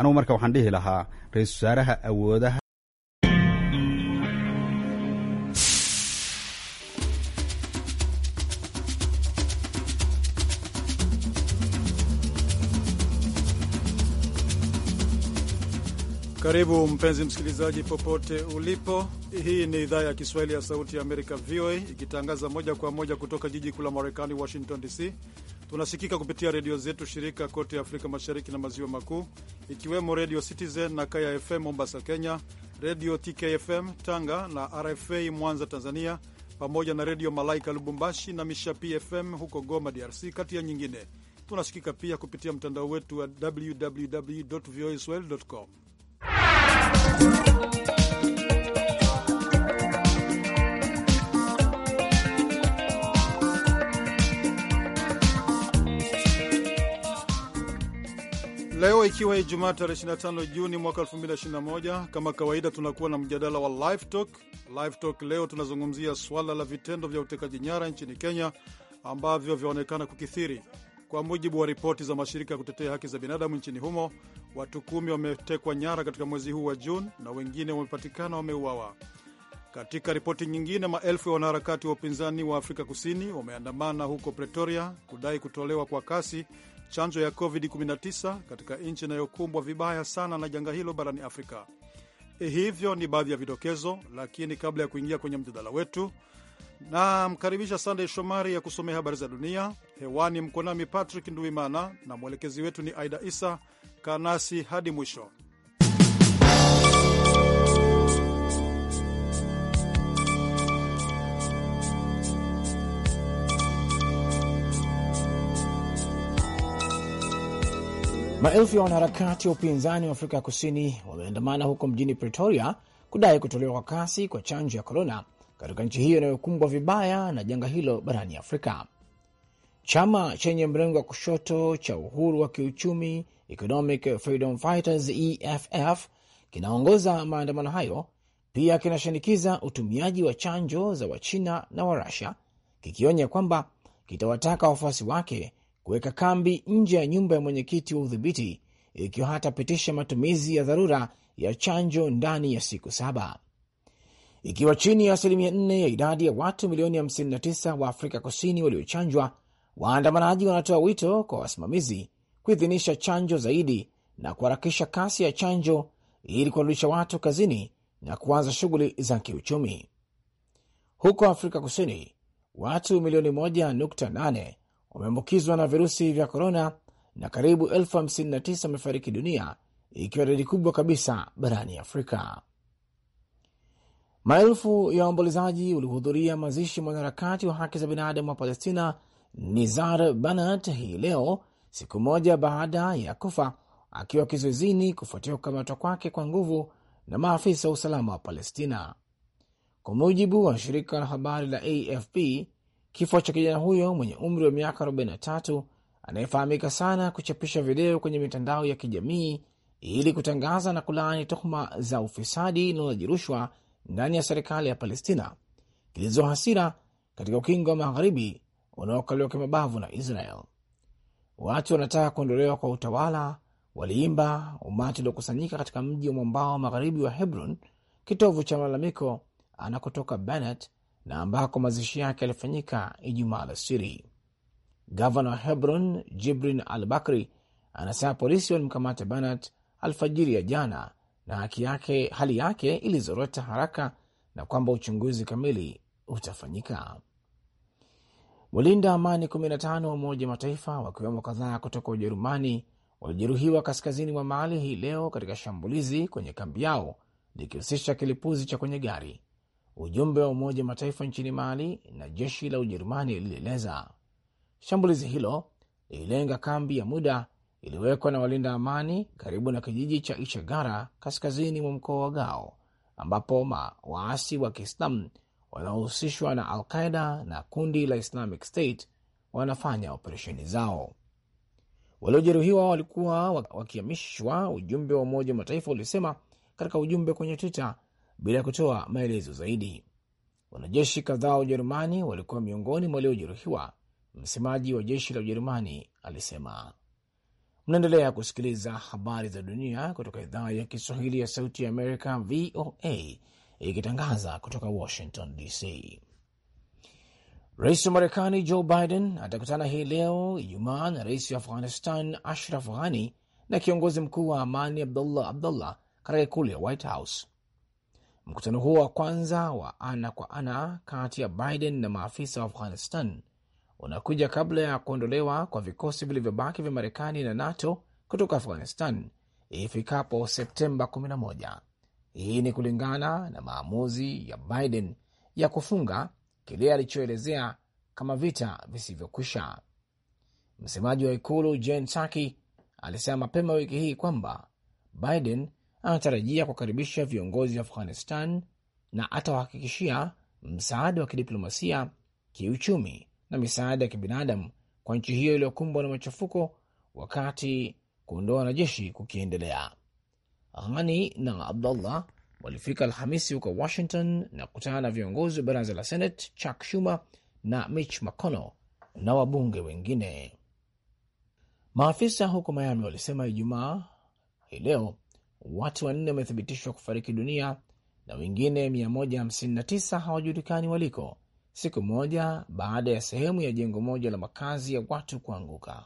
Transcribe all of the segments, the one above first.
anugu marka waxaan dhihi lahaa ra-iisul wasaaraha awoodaha Karibu mpenzi msikilizaji, popote ulipo. Hii ni idhaa ya Kiswahili ya Sauti ya Amerika, VOA, ikitangaza moja kwa moja kutoka jiji kuu la Marekani, Washington DC. Tunasikika kupitia redio zetu shirika kote Afrika Mashariki na Maziwa Makuu, ikiwemo Redio Citizen na Kaya FM Mombasa, Kenya, Redio TKFM Tanga na RFA Mwanza, Tanzania, pamoja na Redio Malaika Lubumbashi na Mishapi FM huko Goma, DRC, kati ya nyingine. Tunasikika pia kupitia mtandao wetu wa www voaswahili com Leo ikiwa Ijumaa tarehe 25 Juni mwaka 2021, kama kawaida, tunakuwa na mjadala wa live talk. Live talk leo tunazungumzia swala la vitendo vya utekaji nyara nchini Kenya ambavyo vyaonekana kukithiri. Kwa mujibu wa ripoti za mashirika ya kutetea haki za binadamu nchini humo, watu kumi wametekwa nyara katika mwezi huu wa Juni na wengine wamepatikana wameuawa. Katika ripoti nyingine, maelfu ya wanaharakati wa upinzani wa Afrika Kusini wameandamana huko Pretoria kudai kutolewa kwa kasi chanjo ya COVID-19 katika nchi inayokumbwa vibaya sana na janga hilo barani Afrika. E, hivyo ni baadhi ya vidokezo, lakini kabla ya kuingia kwenye mjadala wetu, namkaribisha Sandey Shomari ya kusomea habari za dunia. Hewani mko nami Patrick Nduimana na mwelekezi wetu ni Aida Isa. Kaa nasi hadi mwisho. Maelfu ya wanaharakati wa upinzani wa Afrika ya Kusini wameandamana huko mjini Pretoria kudai kutolewa kwa kasi kwa chanjo ya korona katika nchi hiyo inayokumbwa vibaya na janga hilo barani Afrika. Chama chenye mrengo wa kushoto cha uhuru wa kiuchumi Economic Freedom Fighters, EFF, kinaongoza maandamano hayo. Pia kinashinikiza utumiaji wa chanjo za Wachina na Warusia, kikionya kwamba kitawataka wafuasi wake kuweka kambi nje ya nyumba ya mwenyekiti wa udhibiti ikiwa hatapitisha matumizi ya dharura ya chanjo ndani ya siku saba, ikiwa chini ya asilimia nne ya idadi ya watu milioni 59 wa Afrika Kusini waliochanjwa. Waandamanaji wanatoa wito kwa wasimamizi kuidhinisha chanjo zaidi na kuharakisha kasi ya chanjo ili kuwarudisha watu kazini na kuanza shughuli za kiuchumi. Huko Afrika Kusini, watu milioni 1.8 wameambukizwa na virusi vya korona na karibu elfu hamsini na tisa wamefariki dunia ikiwa idadi kubwa kabisa barani Afrika. Maelfu ya waombolezaji walihudhuria mazishi mwanaharakati wa haki za binadamu wa Palestina Nizar Banat hii leo, siku moja baada ya kufa akiwa kizuizini kufuatia kukamatwa kwake kwa nguvu na maafisa wa usalama wa Palestina. Kwa mujibu wa shirika la habari la AFP, Kifo cha kijana huyo mwenye umri wa miaka 43 anayefahamika sana kuchapisha video kwenye mitandao ya kijamii ili kutangaza na kulaani tuhuma za ufisadi na ulaji rushwa ndani ya serikali ya Palestina kilizo hasira katika ukingo wa magharibi unaokaliwa kimabavu na Israel. Watu wanataka kuondolewa kwa utawala, waliimba umati uliokusanyika katika mji wa mwambao wa magharibi wa Hebron, kitovu cha malalamiko anakotoka Bennett na ambako mazishi yake yalifanyika Ijumaa alasiri. Gavana wa Hebron Jibrin al Bakri anasema polisi walimkamata Banat alfajiri ya jana na haki yake, hali yake ilizorota haraka na kwamba uchunguzi kamili utafanyika. Walinda amani 15 wa Umoja Mataifa wakiwemo kadhaa kutoka Ujerumani walijeruhiwa kaskazini mwa Mali hii leo katika shambulizi kwenye kambi yao likihusisha kilipuzi cha kwenye gari ujumbe wa Umoja Mataifa nchini Mali na jeshi la Ujerumani lilieleza. Shambulizi hilo lililenga kambi ya muda iliyowekwa na walinda amani karibu na kijiji cha Ishagara kaskazini mwa mkoa wa Gao, ambapo waasi wa Kiislamu wanaohusishwa na Alqaida na kundi la Islamic State wanafanya operesheni zao. Waliojeruhiwa walikuwa wakihamishwa, ujumbe wa Umoja wa Mataifa ulisema katika ujumbe kwenye Twitter bila kutoa maelezo zaidi. Wanajeshi kadhaa wa Ujerumani walikuwa miongoni mwa waliojeruhiwa, msemaji wa jeshi la Ujerumani alisema. Mnaendelea kusikiliza habari za dunia kutoka idhaa ya Kiswahili ya Sauti ya Amerika, VOA, ikitangaza kutoka Washington DC. Rais wa Marekani Joe Biden atakutana hii leo Ijumaa na rais wa Afghanistan Ashraf Ghani na kiongozi mkuu wa amani Abdullah Abdullah katika ikulu ya White House. Mkutano huo wa kwanza wa ana kwa ana kati ya Biden na maafisa wa Afghanistan unakuja kabla ya kuondolewa kwa vikosi vilivyobaki vya Marekani na NATO kutoka Afghanistan ifikapo Septemba 11. Hii ni kulingana na maamuzi ya Biden ya kufunga kile alichoelezea kama vita visivyokwisha. Msemaji wa ikulu Jen Psaki alisema mapema wiki hii kwamba Biden anatarajia kuwakaribisha viongozi wa Afghanistan na atawahakikishia msaada wa kidiplomasia, kiuchumi na misaada ya kibinadamu kwa nchi hiyo iliyokumbwa na machafuko, wakati kuondoa wanajeshi kukiendelea. Ghani na Abdullah walifika Alhamisi huko Washington na kukutana na viongozi wa baraza la Senate Chuck Schumer na Mitch McConnell na wabunge wengine. Maafisa huko Miami walisema Ijumaa hii leo watu wanne wamethibitishwa kufariki dunia na wengine 159 hawajulikani waliko, siku moja baada ya sehemu ya jengo moja la makazi ya watu kuanguka.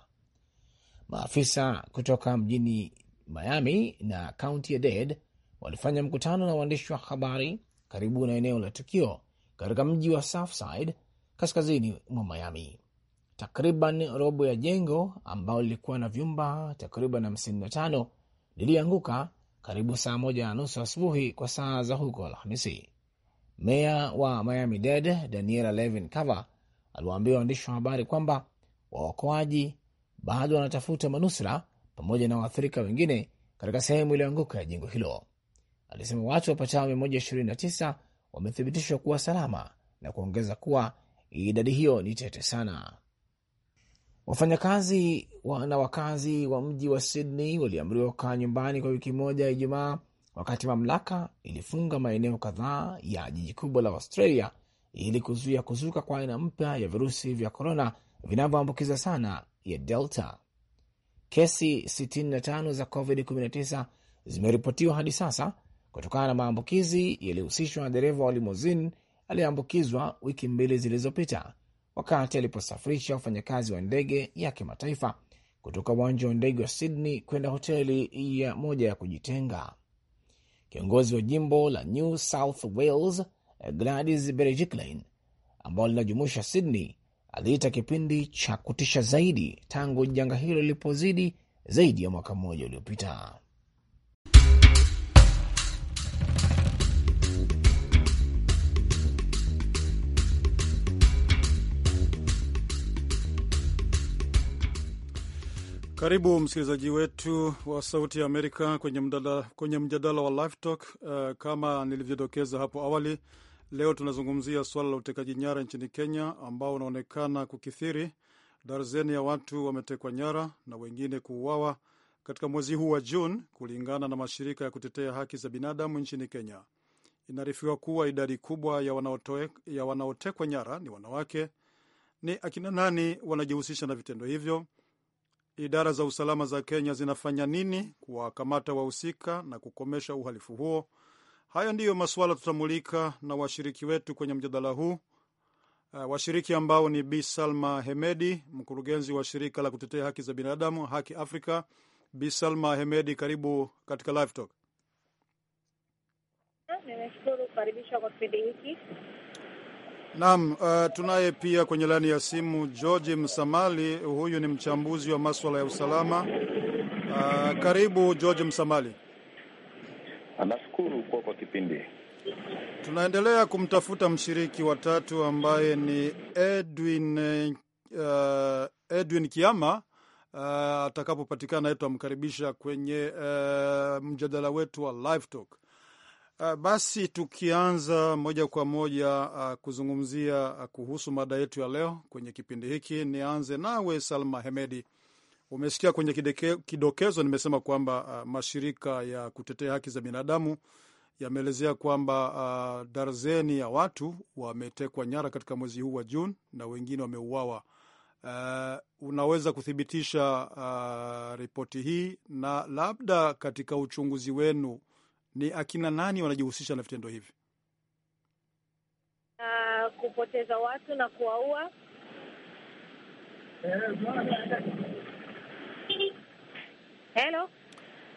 Maafisa kutoka mjini Miami na kaunti ya Dade walifanya mkutano na waandishi wa habari karibu na eneo la tukio katika mji wa Southside kaskazini mwa Miami. Takriban robo ya jengo ambalo lilikuwa na vyumba takriban 55 lilianguka karibu saa moja na nusu asubuhi kwa saa za huko Alhamisi. Meya wa Miami Dade Daniela Levin Cava aliwaambia waandishi wa habari kwamba waokoaji bado wanatafuta manusura pamoja na waathirika wengine katika sehemu iliyoanguka ya jengo hilo. Alisema watu wapatao 129 wamethibitishwa kuwa salama na kuongeza kuwa idadi hiyo ni tete sana. Wafanyakazi na wakazi wa mji wa Sydney waliamriwa kukaa nyumbani kwa wiki moja Ijumaa, wakati mamlaka ilifunga maeneo kadhaa ya jiji kubwa la Australia ili kuzuia kuzuka kwa aina mpya ya virusi vya korona vinavyoambukiza sana ya Delta. Kesi 65 za COVID-19 zimeripotiwa hadi sasa kutokana na maambukizi yaliyohusishwa na dereva wa limozin aliyeambukizwa wiki mbili zilizopita wakati aliposafirisha wafanyakazi wa ndege ya kimataifa kutoka uwanja wa ndege wa Sydney kwenda hoteli ya moja ya kujitenga. Kiongozi wa jimbo la New South Wales Gladys Berejiklian, ambalo linajumuisha Sydney, aliita kipindi cha kutisha zaidi tangu janga hilo lilipozidi zaidi ya mwaka mmoja uliopita. Karibu msikilizaji wetu wa Sauti ya Amerika kwenye mjadala, kwenye mjadala wa Live Talk. Uh, kama nilivyodokeza hapo awali, leo tunazungumzia suala la utekaji nyara nchini Kenya ambao unaonekana kukithiri. Darzeni ya watu wametekwa nyara na wengine kuuawa katika mwezi huu wa Juni, kulingana na mashirika ya kutetea haki za binadamu nchini Kenya. Inaarifiwa kuwa idadi kubwa ya wanaotekwa ya wanaotekwa nyara ni wanawake. Ni akina nani wanajihusisha na vitendo hivyo? idara za usalama za Kenya zinafanya nini kuwakamata wahusika na kukomesha uhalifu huo? Hayo ndiyo masuala tutamulika na washiriki wetu kwenye mjadala huu. Uh, washiriki ambao ni Bi Salma Hemedi, mkurugenzi wa shirika la kutetea haki za binadamu Haki Afrika. Bi Salma Hemedi, karibu katika Live Talk. Nimeshukuru kukaribishwa kwa kipindi hiki. Naam, uh, tunaye pia kwenye laini ya simu George Msamali, huyu ni mchambuzi wa maswala ya usalama. Uh, karibu George Msamali. Nashukuru kuwa kwa kipindi. Tunaendelea kumtafuta mshiriki wa tatu ambaye ni Edwin, uh, Edwin Kiama. Uh, atakapopatikana amkaribisha kwenye uh, mjadala wetu wa live talk. Uh, basi tukianza moja kwa moja uh, kuzungumzia uh, kuhusu mada yetu ya leo kwenye kipindi hiki, nianze nawe Salma Hemedi. Umesikia kwenye kideke, kidokezo nimesema kwamba uh, mashirika ya kutetea haki za binadamu yameelezea kwamba uh, darzeni ya watu wametekwa nyara katika mwezi huu wa Juni na wengine wameuawa. Uh, unaweza kuthibitisha uh, ripoti hii na labda katika uchunguzi wenu ni akina nani wanajihusisha na vitendo hivi? Uh, kupoteza watu na kuwaua. Hello,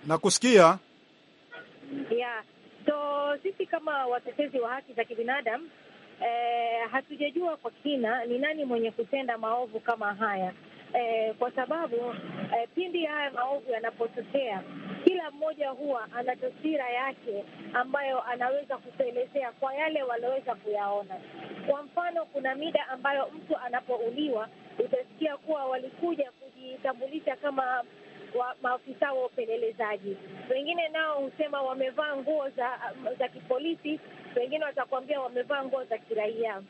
nakusikia. Yeah, so sisi kama watetezi wa haki za kibinadamu eh, hatujajua kwa kina ni nani mwenye kutenda maovu kama haya eh, kwa sababu eh, pindi haya maovu yanapotokea kila mmoja huwa ana taswira yake ambayo anaweza kutuelezea kwa yale walioweza kuyaona. Kwa mfano, kuna mida ambayo mtu anapouliwa utasikia kuwa walikuja kujitambulisha kama wa maafisa wa upelelezaji. Wengine nao husema wamevaa nguo za za kipolisi, wengine watakuambia wamevaa nguo za kiraia.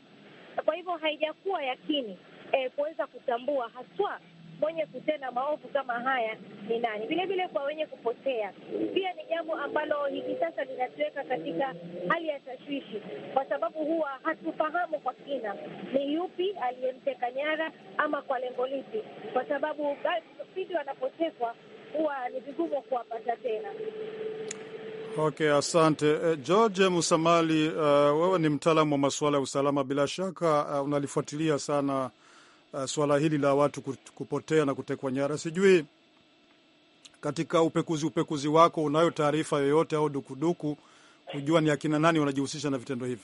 Kwa hivyo haijakuwa yakini eh, kuweza kutambua haswa mwenye kutenda maovu kama haya ni nani. Vile vile kwa wenye kupotea pia ni jambo ambalo hivi sasa linatuweka katika hali ya tashwishi, kwa sababu huwa hatufahamu kwa kina ni yupi aliyemteka nyara ama kwa lengo lipi, kwa sababu pindi wanapotekwa huwa ni vigumu kuwapata tena. Okay, asante eh, George Musamali. Uh, wewe ni mtaalamu wa masuala ya usalama, bila shaka uh, unalifuatilia sana uh, swala hili la watu kupotea na kutekwa nyara. Sijui katika upekuzi upekuzi wako unayo taarifa yoyote au dukuduku kujua ni akina nani wanajihusisha na vitendo hivi?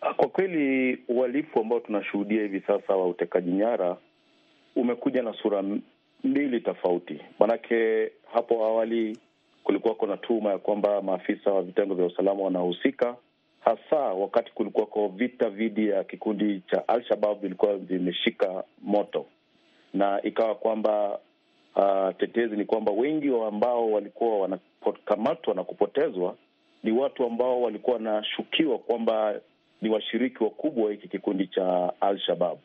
Ah, kwa kweli uhalifu ambao tunashuhudia hivi sasa wa utekaji nyara umekuja na sura mbili tofauti. Maanake hapo awali kulikuwako na tuhuma ya kwamba maafisa wa vitengo vya usalama wanahusika hasa wakati kulikuwa kwa vita dhidi ya kikundi cha Al-Shabab vilikuwa vimeshika moto, na ikawa kwamba uh, tetezi ni kwamba wengi wa ambao walikuwa wanakamatwa na kupotezwa ni watu ambao walikuwa wanashukiwa kwamba ni washiriki wakubwa wa hiki kikundi cha Al-Shabab,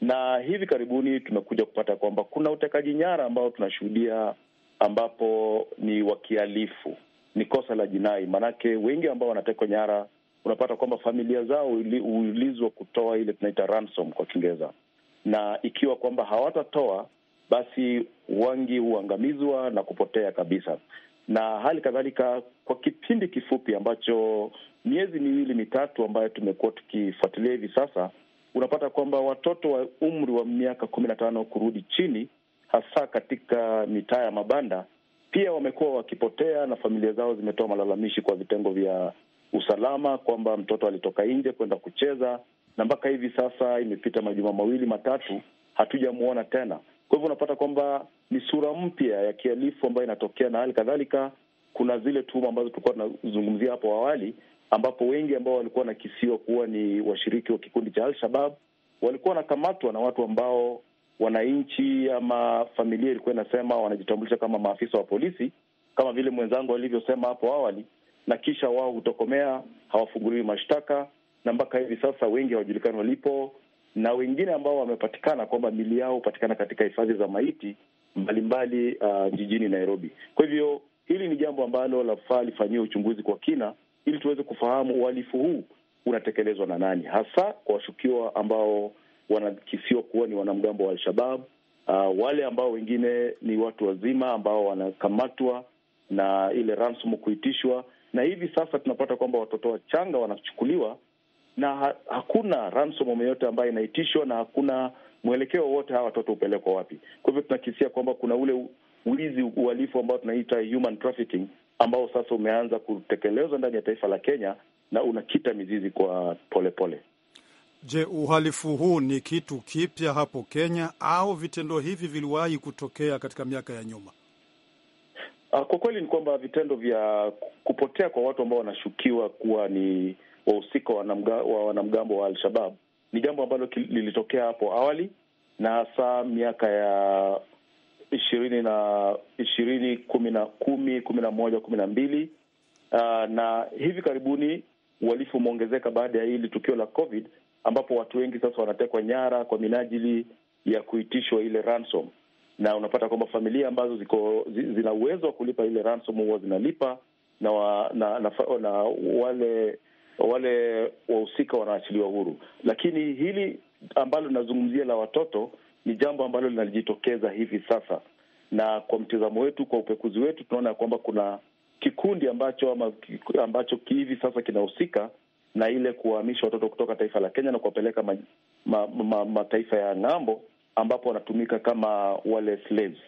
na hivi karibuni tumekuja kupata kwamba kuna utekaji nyara ambao tunashuhudia, ambapo ni wakialifu ni kosa la jinai, maanake wengi ambao wanatekwa nyara unapata kwamba familia zao huulizwa kutoa ile tunaita ransom kwa Kiingereza, na ikiwa kwamba hawatatoa basi wangi huangamizwa na kupotea kabisa. Na hali kadhalika, kwa kipindi kifupi ambacho miezi miwili mitatu ambayo tumekuwa tukifuatilia hivi sasa, unapata kwamba watoto wa umri wa miaka kumi na tano kurudi chini, hasa katika mitaa ya mabanda, pia wamekuwa wakipotea na familia zao zimetoa malalamishi kwa vitengo vya usalama kwamba mtoto alitoka nje kwenda kucheza, na mpaka hivi sasa imepita majuma mawili matatu, hatujamwona tena. Kwa hivyo unapata kwamba ni sura mpya ya kihalifu ambayo inatokea, na hali kadhalika kuna zile tuhuma ambazo tulikuwa tunazungumzia hapo awali, ambapo wengi ambao walikuwa wanakisiwa kuwa ni washiriki wa kikundi cha Al-Shabab walikuwa wanakamatwa na watu ambao wananchi ama familia ilikuwa inasema wanajitambulisha kama maafisa wa polisi, kama vile mwenzangu alivyosema hapo awali na kisha wao hutokomea, hawafunguliwi mashtaka, na mpaka hivi sasa wengi hawajulikani walipo, na wengine ambao wamepatikana kwamba mili yao hupatikana katika hifadhi za maiti mbalimbali uh, jijini Nairobi. Kwa hivyo hili ni jambo ambalo lafaa lifanyiwe uchunguzi kwa kina, ili tuweze kufahamu uhalifu huu unatekelezwa na nani hasa, kwa washukiwa ambao wanakisiwa kuwa ni wanamgambo wa alshabab uh, wale ambao wengine ni watu wazima ambao wanakamatwa na ile ransom kuitishwa, na hivi sasa tunapata kwamba watoto wachanga wanachukuliwa na ha hakuna ransom yoyote ambayo inaitishwa na hakuna mwelekeo wowote hawa watoto hupelekwa wapi. Kwa hivyo tunakisia kwamba kuna ule wizi, uhalifu ambao tunaita human trafficking ambao sasa umeanza kutekelezwa ndani ya taifa la Kenya na unakita mizizi kwa polepole pole. Je, uhalifu huu ni kitu kipya hapo Kenya au vitendo hivi viliwahi kutokea katika miaka ya nyuma? Ah, kwa kweli ni kwamba vitendo vya kupotea kwa watu ambao wanashukiwa kuwa ni wahusika wa wanamgambo wa Al-Shabab ni jambo ambalo lilitokea hapo awali na hasa miaka ya ishirini na ishirini kumi na kumi kumi na moja kumi na mbili ah, na hivi karibuni uhalifu umeongezeka baada ya hili tukio la COVID ambapo watu wengi sasa wanatekwa nyara kwa minajili ya kuitishwa ile ransom na unapata kwamba familia ambazo ziko zina uwezo wa kulipa ile ransom huwa zinalipa na, wa, na, na, na, na wale wale wahusika wanaachiliwa huru, lakini hili ambalo linazungumzia la watoto ni jambo ambalo linajitokeza hivi sasa, na kwa mtizamo wetu, kwa upekuzi wetu, tunaona ya kwamba kuna kikundi ambacho ama ambacho hivi sasa kinahusika na ile kuwahamisha watoto kutoka taifa la Kenya na kuwapeleka mataifa ma, ma, ma, ma ya ng'ambo ambapo wanatumika kama wale slaves.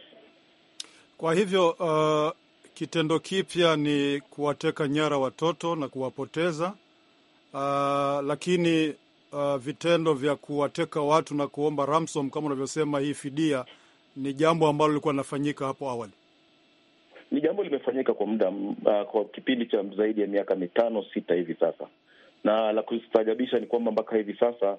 Kwa hivyo uh, kitendo kipya ni kuwateka nyara watoto na kuwapoteza uh, lakini uh, vitendo vya kuwateka watu na kuomba ransom kama unavyosema hii fidia ni jambo ambalo lilikuwa linafanyika hapo awali ni jambo limefanyika kwa muda uh, kwa kipindi cha zaidi ya miaka mitano sita hivi sasa, na la kustajabisha ni kwamba mpaka hivi sasa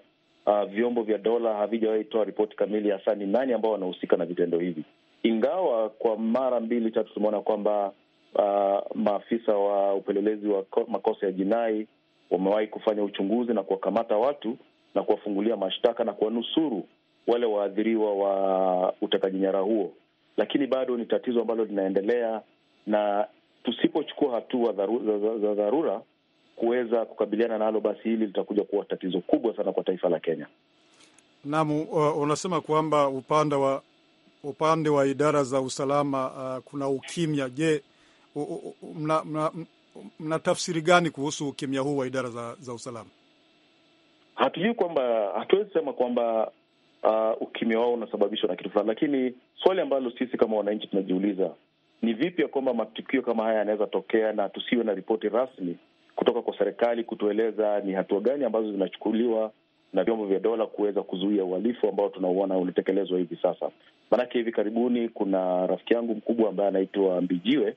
uh, vyombo vya dola havijawahi toa ripoti kamili hasa ni nani ambao wanahusika na vitendo hivi, ingawa kwa mara mbili tatu tumeona kwamba uh, maafisa wa upelelezi wa makosa ya jinai wamewahi kufanya uchunguzi na kuwakamata watu na kuwafungulia mashtaka na kuwanusuru wale waathiriwa wa utekaji nyara huo, lakini bado ni tatizo ambalo linaendelea, na tusipochukua hatua za dharura kuweza kukabiliana nalo, basi hili litakuja kuwa tatizo kubwa sana kwa taifa la Kenya. Naam, uh, unasema kwamba upande wa upande wa idara za usalama uh, kuna ukimya. Je, mna tafsiri gani kuhusu ukimya huu wa idara za, za usalama? Hatujui kwamba hatuwezi sema kwamba uh, ukimya wao unasababishwa na kitu fulani, lakini swali ambalo sisi kama wananchi tunajiuliza ni vipi ya kwamba matukio kama haya yanaweza tokea na tusiwe na ripoti rasmi kutoka kwa serikali kutueleza ni hatua gani ambazo zinachukuliwa na vyombo vya dola kuweza kuzuia uhalifu ambao tunauona unatekelezwa hivi sasa. Maanake hivi karibuni kuna rafiki yangu mkubwa ambaye anaitwa Mbijiwe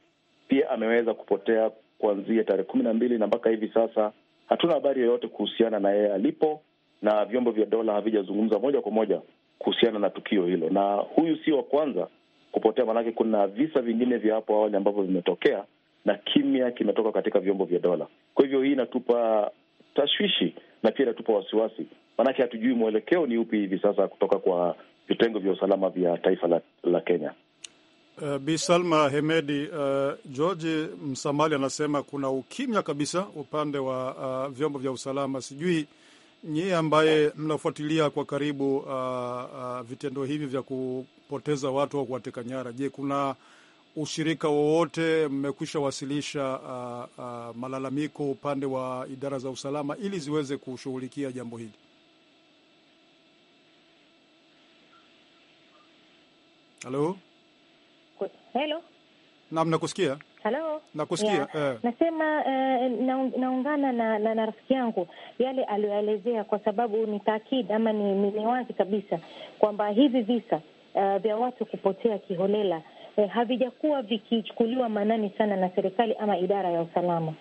pia ameweza kupotea kuanzia tarehe kumi na mbili na mpaka hivi sasa hatuna habari yoyote kuhusiana na yeye alipo, na vyombo vya dola havijazungumza moja kwa moja kuhusiana na tukio hilo. Na huyu si wa kwanza kupotea, maanake kuna visa vingine vya hapo awali ambavyo vimetokea na kimya kinatoka katika vyombo vya dola. Kwa hivyo hii inatupa tashwishi na pia inatupa wasiwasi, maanake hatujui mwelekeo ni upi hivi sasa kutoka kwa vitengo vya usalama vya taifa la, la Kenya. Uh, Bi Salma Hemedi, uh, George Msamali anasema kuna ukimya kabisa upande wa uh, vyombo vya usalama. Sijui nyie ambaye mnafuatilia kwa karibu uh, uh, vitendo hivi vya kupoteza watu au kuwateka nyara, je, kuna ushirika wowote mmekwisha wasilisha uh, uh, malalamiko upande wa idara za usalama ili ziweze kushughulikia jambo hili? Halo, Hello? Naam, nakusikia. Halo, nakusikia yeah. Eh, nasema eh, naungana na, na, na rafiki yangu yale aliyoelezea, kwa sababu ni taakid ama ni, ni wazi kabisa kwamba hivi visa uh, vya watu kupotea kiholela eh, havijakuwa vikichukuliwa maanani sana na serikali ama idara ya usalama,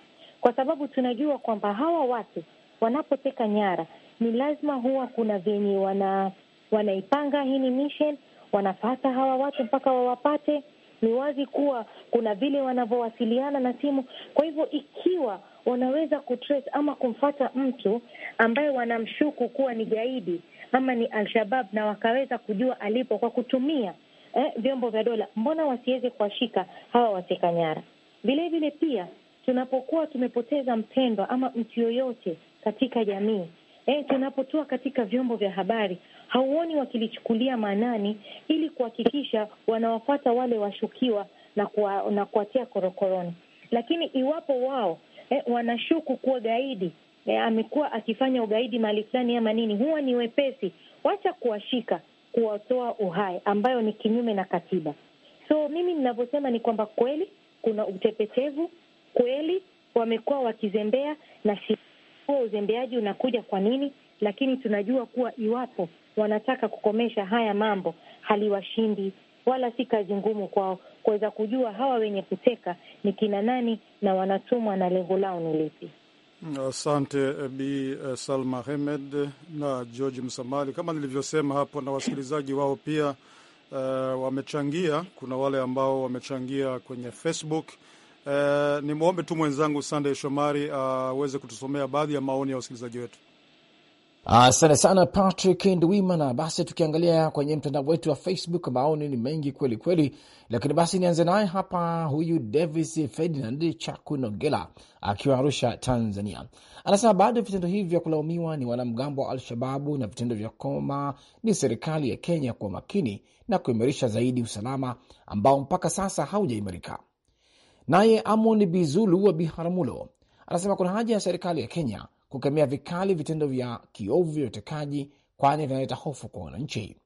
kwa sababu tunajua kwamba hawa watu wanapoteka nyara ni lazima huwa kuna vyenye wana wanaipanga hii ni mission, wanafata hawa watu mpaka wawapate. Ni wazi kuwa kuna vile wanavyowasiliana na simu. Kwa hivyo ikiwa wanaweza kutrace ama kumfata mtu ambaye wanamshuku kuwa ni gaidi ama ni Alshabab na wakaweza kujua alipo kwa kutumia eh, vyombo vya dola, mbona wasiweze kuwashika hawa wateka nyara? Vilevile pia tunapokuwa tumepoteza mpendwa ama mtu yoyote katika jamii eh, tunapotua katika vyombo vya habari, hauoni wakilichukulia maanani ili kuhakikisha wanawafuata wale washukiwa na kuwa, na kuwatia korokoroni. Lakini iwapo wao eh, wanashuku kuwa gaidi eh, amekuwa akifanya ugaidi mahali fulani ama nini, huwa ni wepesi, wacha kuwashika kuwatoa uhai, ambayo ni kinyume na katiba. So mimi ninavyosema ni kwamba kweli kuna utepetevu, kweli wamekuwa wakizembea, na huo uzembeaji unakuja kwa nini, lakini tunajua kuwa iwapo wanataka kukomesha haya mambo haliwashindi, wala si kazi ngumu kwao kuweza kujua hawa wenye kuteka ni kina nani na wanatumwa na lengo lao ni lipi. Asante eh, Bi eh, Salma hemed na George Msamali. Kama nilivyosema hapo, na wasikilizaji wao pia uh, wamechangia. Kuna wale ambao wamechangia kwenye Facebook. Uh, ni mwombe tu mwenzangu sandey Shomari ah, aweze uh, kutusomea baadhi ya maoni ya wasikilizaji wetu. Asante sana Patrick Ndwimana. Basi tukiangalia kwenye mtandao wetu wa Facebook, maoni ni mengi kweli kweli, lakini basi nianze naye hapa. Huyu Davis Ferdinand Chakunogela akiwa Arusha, Tanzania, anasema baada ya vitendo hivi vya kulaumiwa ni wanamgambo wa Al-Shababu na vitendo vya koma, ni serikali ya Kenya kuwa makini na kuimarisha zaidi usalama ambao mpaka sasa haujaimarika. Naye Amon Bizulu wa Biharamulo anasema kuna haja ya serikali ya Kenya kukemea vikali vitendo vya kiovu vya utekaji, kwani vinaleta hofu kwa wananchi.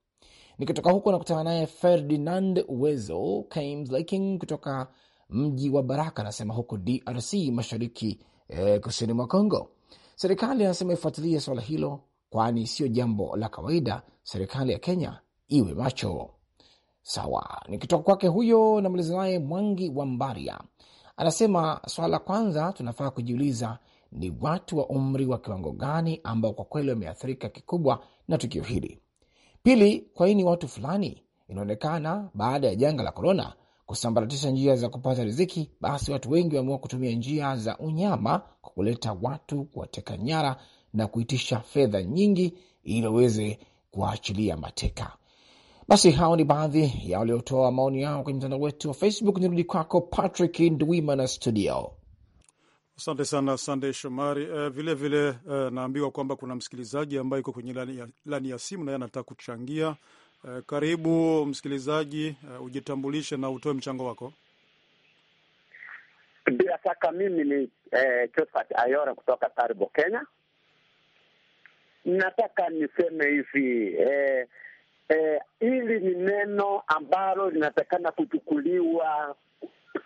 Nikitoka huko na naye Ferdinand Uwezo Kamlaking kutoka mji wa Baraka, anasema huko DRC mashariki eh, kusini mwa Congo, serikali anasema ifuatilie swala hilo, kwani sio jambo la kawaida. Serikali ya Kenya iwe macho. Sawa, nikitoka kwake huyo, namaliza naye Mwangi wa Mbaria anasema swala la kwanza tunafaa kujiuliza ni watu wa umri wa kiwango gani ambao kwa kweli wameathirika kikubwa na tukio hili. Pili, kwa nini watu fulani inaonekana baada ya janga la korona kusambaratisha njia za kupata riziki, basi watu wengi wameamua kutumia njia za unyama kwa kuleta watu, kuwateka nyara na kuitisha fedha nyingi ili waweze kuwaachilia mateka. Basi hao ni baadhi ya waliotoa maoni yao kwenye mtandao wetu wa Facebook. Nirudi kwako Patrick Ndwima studio. Asante sana Sandey Shomari. Uh, eh, vilevile uh, eh, naambiwa kwamba kuna msikilizaji ambaye iko kwenye lani ya, lani ya simu naye anataka kuchangia. Uh, karibu msikilizaji, uh, ujitambulishe na utoe mchango wako. Bila shaka mimi ni eh, Ayora kutoka Taribo, Kenya. Nataka niseme hivi eh, eh, hili ni neno ambalo linatakana kuchukuliwa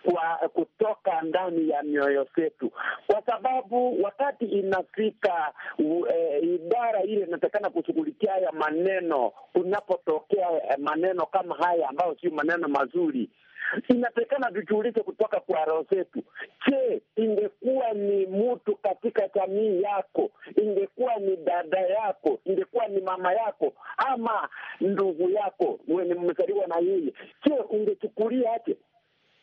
kwa kutoka ndani ya mioyo zetu, kwa sababu wakati inafika u, eh, e, idara ile inatakana kushughulikia haya maneno. Kunapotokea eh, maneno kama haya ambayo sio maneno mazuri inatekana vijuulize kutoka kwa roho zetu. Je, ingekuwa ni mtu katika jamii yako, ingekuwa ni dada yako, ingekuwa ni mama yako ama ndugu yako mwenye mmezaliwa na yeye, je, ungechukulia aje?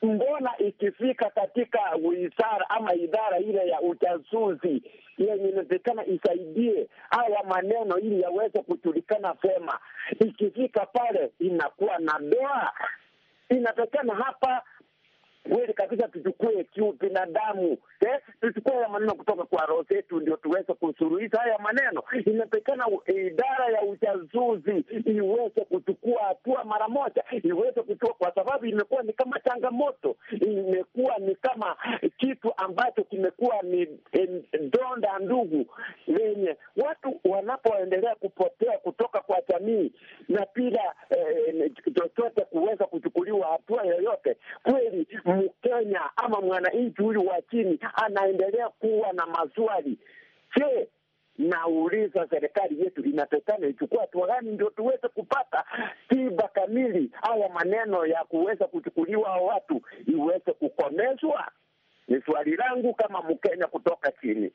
mbona ikifika katika wizara ama idara ile ya ujasuzi yenye inawezekana isaidie haya maneno ili yaweze kujulikana vema, ikifika pale inakuwa na doa. Inatakikana hapa kweli kabisa, tuchukue kiubinadamu, eh? tuchukue maneno kutoka kwa roho zetu, ndio tuweze kusuluhisha haya maneno. Inapekana idara ya uchazuzi iweze kuchukua hatua mara moja, iweze kuchukua, kwa sababu imekuwa ni kama changamoto, imekuwa ni kama kitu ambacho kimekuwa ni eh, donda ndugu lenye watu wanapoendelea kupotea Mkenya ama mwananchi huyu wa chini anaendelea kuwa na maswali. Je, nauliza serikali yetu inatakana ichukua hatua gani ndio tuweze kupata tiba kamili? Haya maneno ya kuweza kuchukuliwa watu iweze kukomeshwa, ni swali langu kama Mkenya kutoka chini.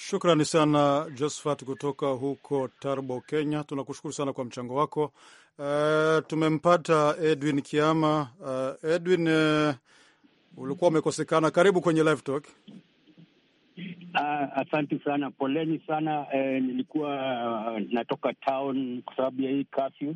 Shukrani sana Josphat kutoka huko Tarbo, Kenya. Tunakushukuru sana kwa mchango wako. Uh, tumempata Edwin Kiama. Uh, Edwin, uh, ulikuwa umekosekana. Karibu kwenye live talk. Uh, asante sana, poleni sana. Uh, nilikuwa uh, natoka town kwa sababu ya hii kafyu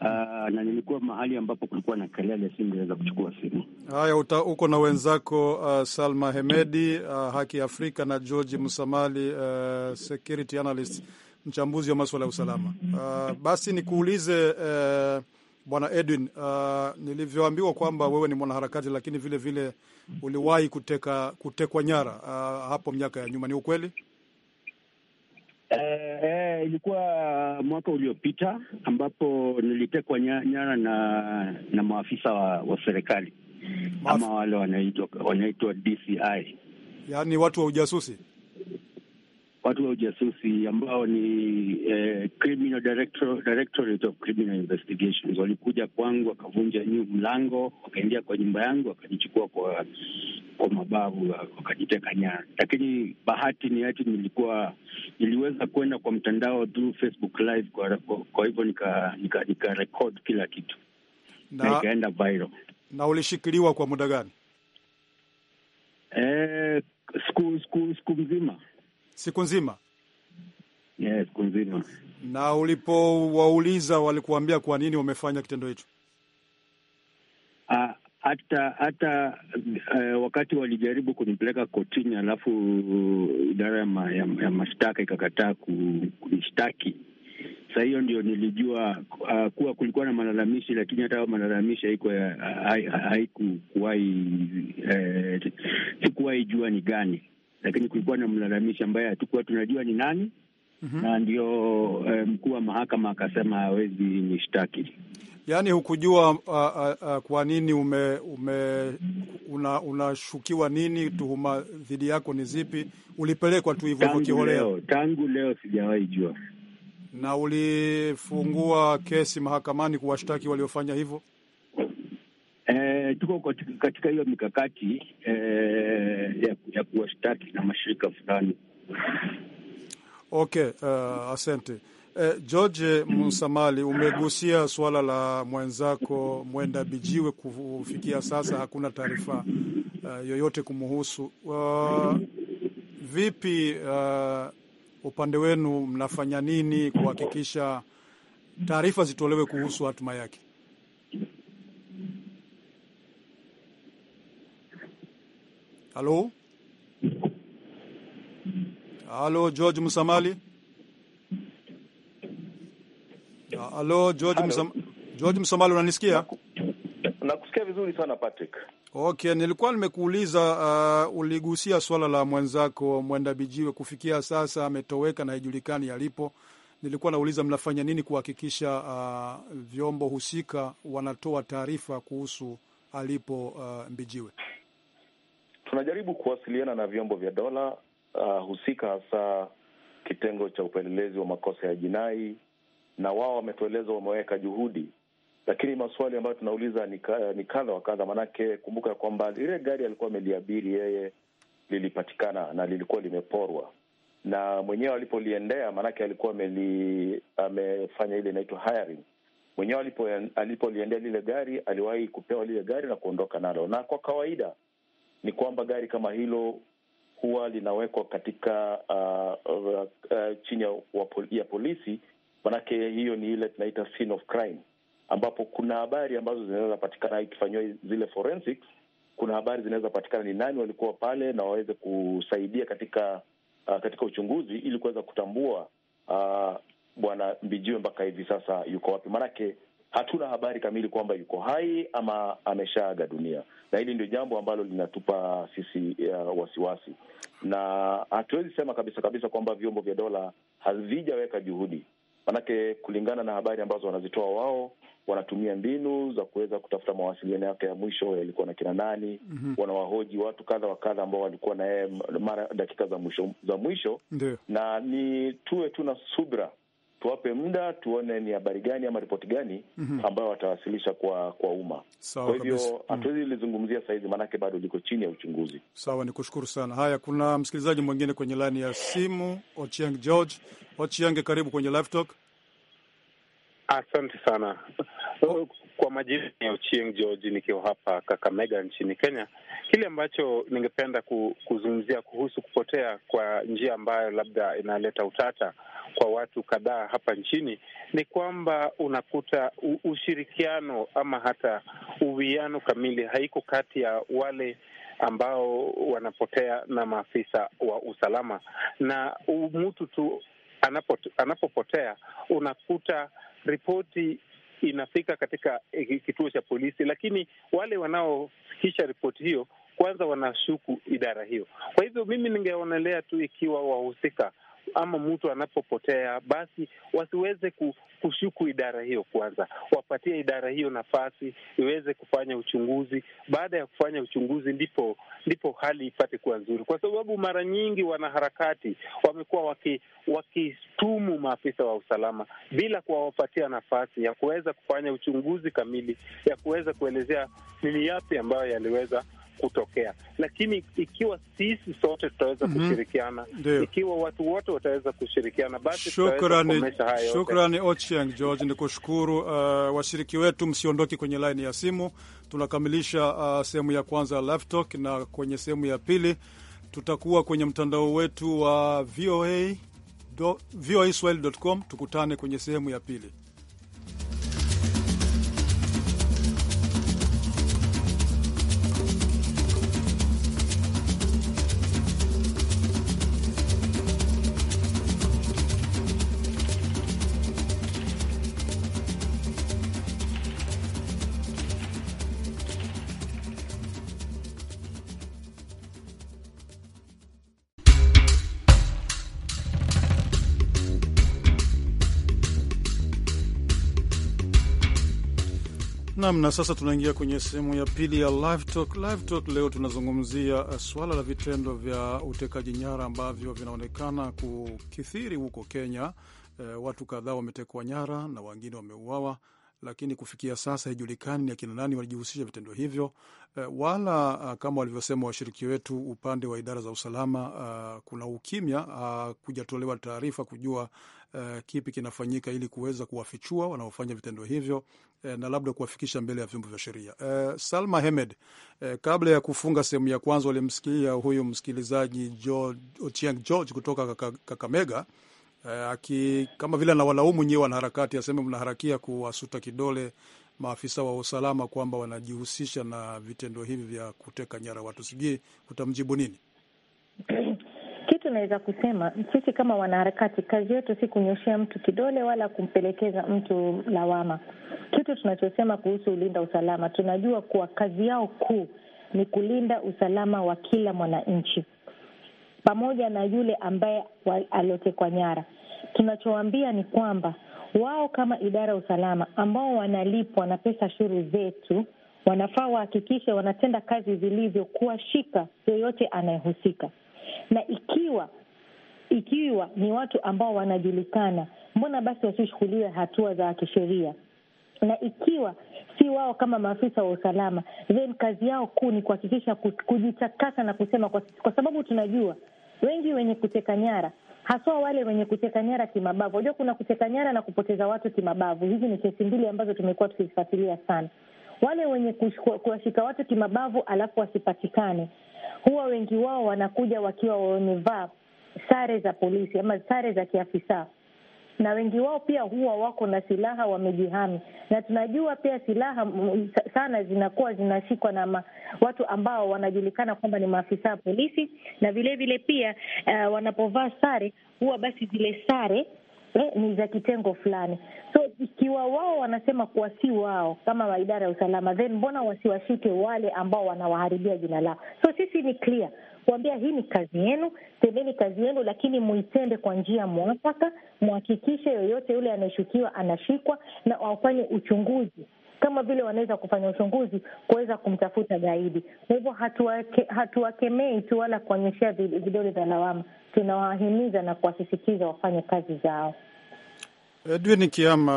Uh, na nilikuwa mahali ambapo kulikuwa na kelele, singeweza kuchukua simu. Haya, uko na wenzako uh, Salma Hemedi uh, Haki Afrika na George Musamali uh, security analyst, mchambuzi wa maswala ya usalama. Uh, basi nikuulize uh, Bwana Edwin, uh, nilivyoambiwa kwamba wewe ni mwanaharakati lakini vile vile uliwahi kuteka kutekwa nyara uh, hapo miaka ya nyuma, ni ukweli? Eh, eh, ilikuwa mwaka uliopita ambapo nilitekwa nyara na na maafisa wa, wa serikali ama wale wanaitwa wanaitwa DCI, yaani watu wa ujasusi watu wa ujasusi ambao ni eh, Criminal Director, Directorate of Criminal Investigations walikuja kwangu wakavunja nyu mlango wakaingia kwa nyumba yangu wakanichukua kwa kwa mabavu wakajiteka nyara, lakini bahati ni ati nilikuwa niliweza kwenda kwa mtandao through Facebook Live, kwa, kwa, kwa hivyo nika, nika, nika record kila kitu na ikaenda viral. Na ulishikiliwa kwa muda gani? Eh, siku siku siku mzima siku nzima? Yeah, siku nzima. Na ulipowauliza walikuambia kwa nini wamefanya kitendo hicho? Ah, hata hata uh, wakati walijaribu kunipeleka kotini, alafu uh, idara ya, ma, ya, ya mashtaka ikakataa kunishtaki. Sa hiyo ndio nilijua uh, kuwa kulikuwa na malalamishi, lakini hata malalamishi eh, haikuwahi, eh, sikuwahi jua ni gani lakini kulikuwa na mlalamishi ambaye hatukuwa tunajua ni nani. Mm -hmm. Na ndio eh, mkuu wa mahakama akasema hawezi nishtaki. Yaani hukujua uh, uh, uh, kwa nini ume, ume unashukiwa una nini, tuhuma dhidi yako ni zipi? Ulipelekwa tu hivyo kiholeo? Tangu leo sijawahi jua. Na ulifungua kesi mahakamani kuwashtaki waliofanya hivyo? E, tuko katika hiyo mikakati e, ya, ya kuwashtaki na mashirika fulani. Okay, uh, asante eh, George Musamali, umegusia suala la mwenzako Mwenda Bijiwe. Kufikia sasa hakuna taarifa uh, yoyote kumuhusu. Uh, vipi uh, upande wenu mnafanya nini kuhakikisha taarifa zitolewe kuhusu hatima yake? Halo, halo George Musamali, halo George Musamali, George Musamali, unanisikia? Nakusikia vizuri sana Patrick. Okay, nilikuwa nimekuuliza uh, uligusia swala la mwenzako Mwenda Bijiwe, kufikia sasa ametoweka na haijulikani alipo. Nilikuwa nauliza mnafanya nini kuhakikisha uh, vyombo husika wanatoa taarifa kuhusu alipo uh, Mbijiwe? tunajaribu kuwasiliana na vyombo vya dola uh, husika hasa kitengo cha upelelezi wa makosa ya jinai, na wao wametueleza wameweka juhudi, lakini maswali ambayo tunauliza ni kadha wa kadha. Maanake kumbuka ya kwamba lile gari alikuwa ameliabiri yeye lilipatikana na lilikuwa limeporwa na mwenyewe alipoliendea, maanake alikuwa amefanya ile inaitwa hiring. Mwenyewe alipoliendea lile gari, aliwahi kupewa lile gari na kuondoka nalo, na kwa kawaida ni kwamba gari kama hilo huwa linawekwa katika uh, uh, uh, chini ya polisi, manake hiyo ni ile tunaita scene of crime, ambapo kuna habari ambazo zinaweza patikana ikifanyiwa zile forensics. Kuna habari zinaweza patikana ni nani walikuwa pale na waweze kusaidia katika uh, katika uchunguzi ili kuweza kutambua uh, bwana Mbijiwe mpaka hivi sasa yuko wapi, manake hatuna habari kamili kwamba yuko hai ama ameshaaga dunia na hili ndio jambo ambalo linatupa sisi uh, wasiwasi, na hatuwezi sema kabisa kabisa kwamba vyombo vya dola havijaweka juhudi, manake kulingana na habari ambazo wanazitoa wao wanatumia mbinu za kuweza kutafuta mawasiliano yake ya mwisho yalikuwa na kina nani. mm -hmm. Wanawahoji watu kadha wa kadha ambao walikuwa na yeye mara dakika za mwisho za mwisho Ndiyo. Na ni tuwe tu na subira tuwape muda tuone ni habari gani ama ripoti gani mhm. ambayo watawasilisha kwa kwa umma. Kwa hivyo mm. hatuwezi lizungumzia sahizi, maanake bado liko chini ya uchunguzi. Sawa, ni kushukuru sana. Haya, kuna msikilizaji mwingine kwenye laini ya simu, Ochiang George. Ochiang, karibu kwenye Live Talk. Asante sana. Kwa majina ya Ochieng George, nikiwa hapa Kakamega nchini Kenya. Kile ambacho ningependa kuzungumzia kuhusu kupotea kwa njia ambayo labda inaleta utata kwa watu kadhaa hapa nchini ni kwamba unakuta ushirikiano ama hata uwiano kamili haiko kati ya wale ambao wanapotea na maafisa wa usalama, na mtu tu anapopotea unakuta ripoti inafika katika eh, kituo cha polisi, lakini wale wanaofikisha ripoti hiyo kwanza wanashuku idara hiyo. Kwa hivyo mimi ningeonelea tu ikiwa wahusika ama mtu anapopotea, basi wasiweze kushuku idara hiyo kwanza, wapatie idara hiyo nafasi iweze kufanya uchunguzi. Baada ya kufanya uchunguzi, ndipo ndipo hali ipate kuwa nzuri, kwa sababu mara nyingi wanaharakati wamekuwa waki, maafisa wa usalama bila kuwapatia nafasi ya kuweza kufanya uchunguzi kamili, ya kuweza kuelezea nini yapi ambayo yaliweza kutokea, lakini ikiwa sisi sote tutaweza mm -hmm. kushirikiana Deo. ikiwa watu wote wataweza kushirikiana basi shukrani, shukrani Ochieng George, ni kushukuru uh, washiriki wetu, msiondoki kwenye laini ya simu. Tunakamilisha uh, sehemu ya kwanza ya live talk, na kwenye sehemu ya pili tutakuwa kwenye mtandao wetu wa VOA, VOA voaswahili.com. Tukutane kwenye sehemu ya pili. Nam, na sasa tunaingia kwenye sehemu ya pili ya live talk. Live talk leo tunazungumzia eh, suala la vitendo vya utekaji nyara ambavyo vinaonekana kukithiri huko Kenya. E, watu kadhaa wametekwa nyara na wengine wameuawa, lakini kufikia sasa haijulikani ni akina nani walijihusisha vitendo hivyo, e, wala a, kama walivyosema washiriki wetu upande wa idara za usalama a, kuna ukimya, ah, kujatolewa taarifa kujua uh, kipi kinafanyika ili kuweza kuwafichua wanaofanya vitendo hivyo uh, na labda kuwafikisha mbele ya vyombo vya sheria. Uh, Salma Hemed, uh, kabla ya kufunga sehemu ya kwanza walimsikia huyu msikilizaji George, Ochieng George kutoka Kakamega aki kama vile anawalaumu nyie wanaharakati, aseme mnaharakia kuwasuta kidole maafisa wa usalama kwamba wanajihusisha na vitendo hivi vya kuteka nyara watu. Sijui utamjibu nini? naweza kusema sisi kama wanaharakati, kazi yetu si kunyoshea mtu kidole wala kumpelekeza mtu lawama. Kitu tunachosema kuhusu ulinda usalama, tunajua kuwa kazi yao kuu ni kulinda usalama wa kila mwananchi pamoja na yule ambaye aliotekwa nyara. tunachowambia ni kwamba wao kama idara ya usalama ambao wanalipwa na pesa shuru zetu, wanafaa wahakikishe wanatenda kazi zilivyo, kuwashika yoyote anayehusika na ikiwa ikiwa ni watu ambao wanajulikana, mbona basi wasichukuliwe hatua za kisheria? Na ikiwa si wao kama maafisa wa usalama, then kazi yao kuu ni kuhakikisha kujitakasa na kusema kwa, kwa sababu tunajua wengi wenye kuteka nyara haswa wale wenye kuteka nyara kimabavu. Unajua kuna kuteka nyara na kupoteza watu kimabavu. Hizi ni kesi mbili ambazo tumekuwa tukizifuatilia sana. Wale wenye kuwashika watu kimabavu alafu wasipatikane, huwa wengi wao wanakuja wakiwa wamevaa sare za polisi ama sare za kiafisa, na wengi wao pia huwa wako na silaha, wamejihami. Na tunajua pia silaha sana zinakuwa zinashikwa na ma, watu ambao wanajulikana kwamba ni maafisa wa polisi, na vilevile vile pia uh, wanapovaa sare huwa basi zile sare eh, ni za kitengo fulani. So ikiwa wao wanasema kuwa si wao kama idara ya usalama, then mbona wasiwashike wale ambao wanawaharibia jina lao? So sisi ni clear kuambia hii ni kazi yenu, tendeni kazi yenu, lakini muitende kwa njia mwafaka. mwhakikishe yoyote yule anayeshukiwa anashikwa na wafanye uchunguzi kama vile wanaweza kufanya uchunguzi kuweza kumtafuta gaidi. Kwa hivyo hatuwakemei hatu tu wala kuonyeshea vidole vya lawama, tunawahimiza na kuwasisitiza wafanye kazi zao. Edwin Kiama,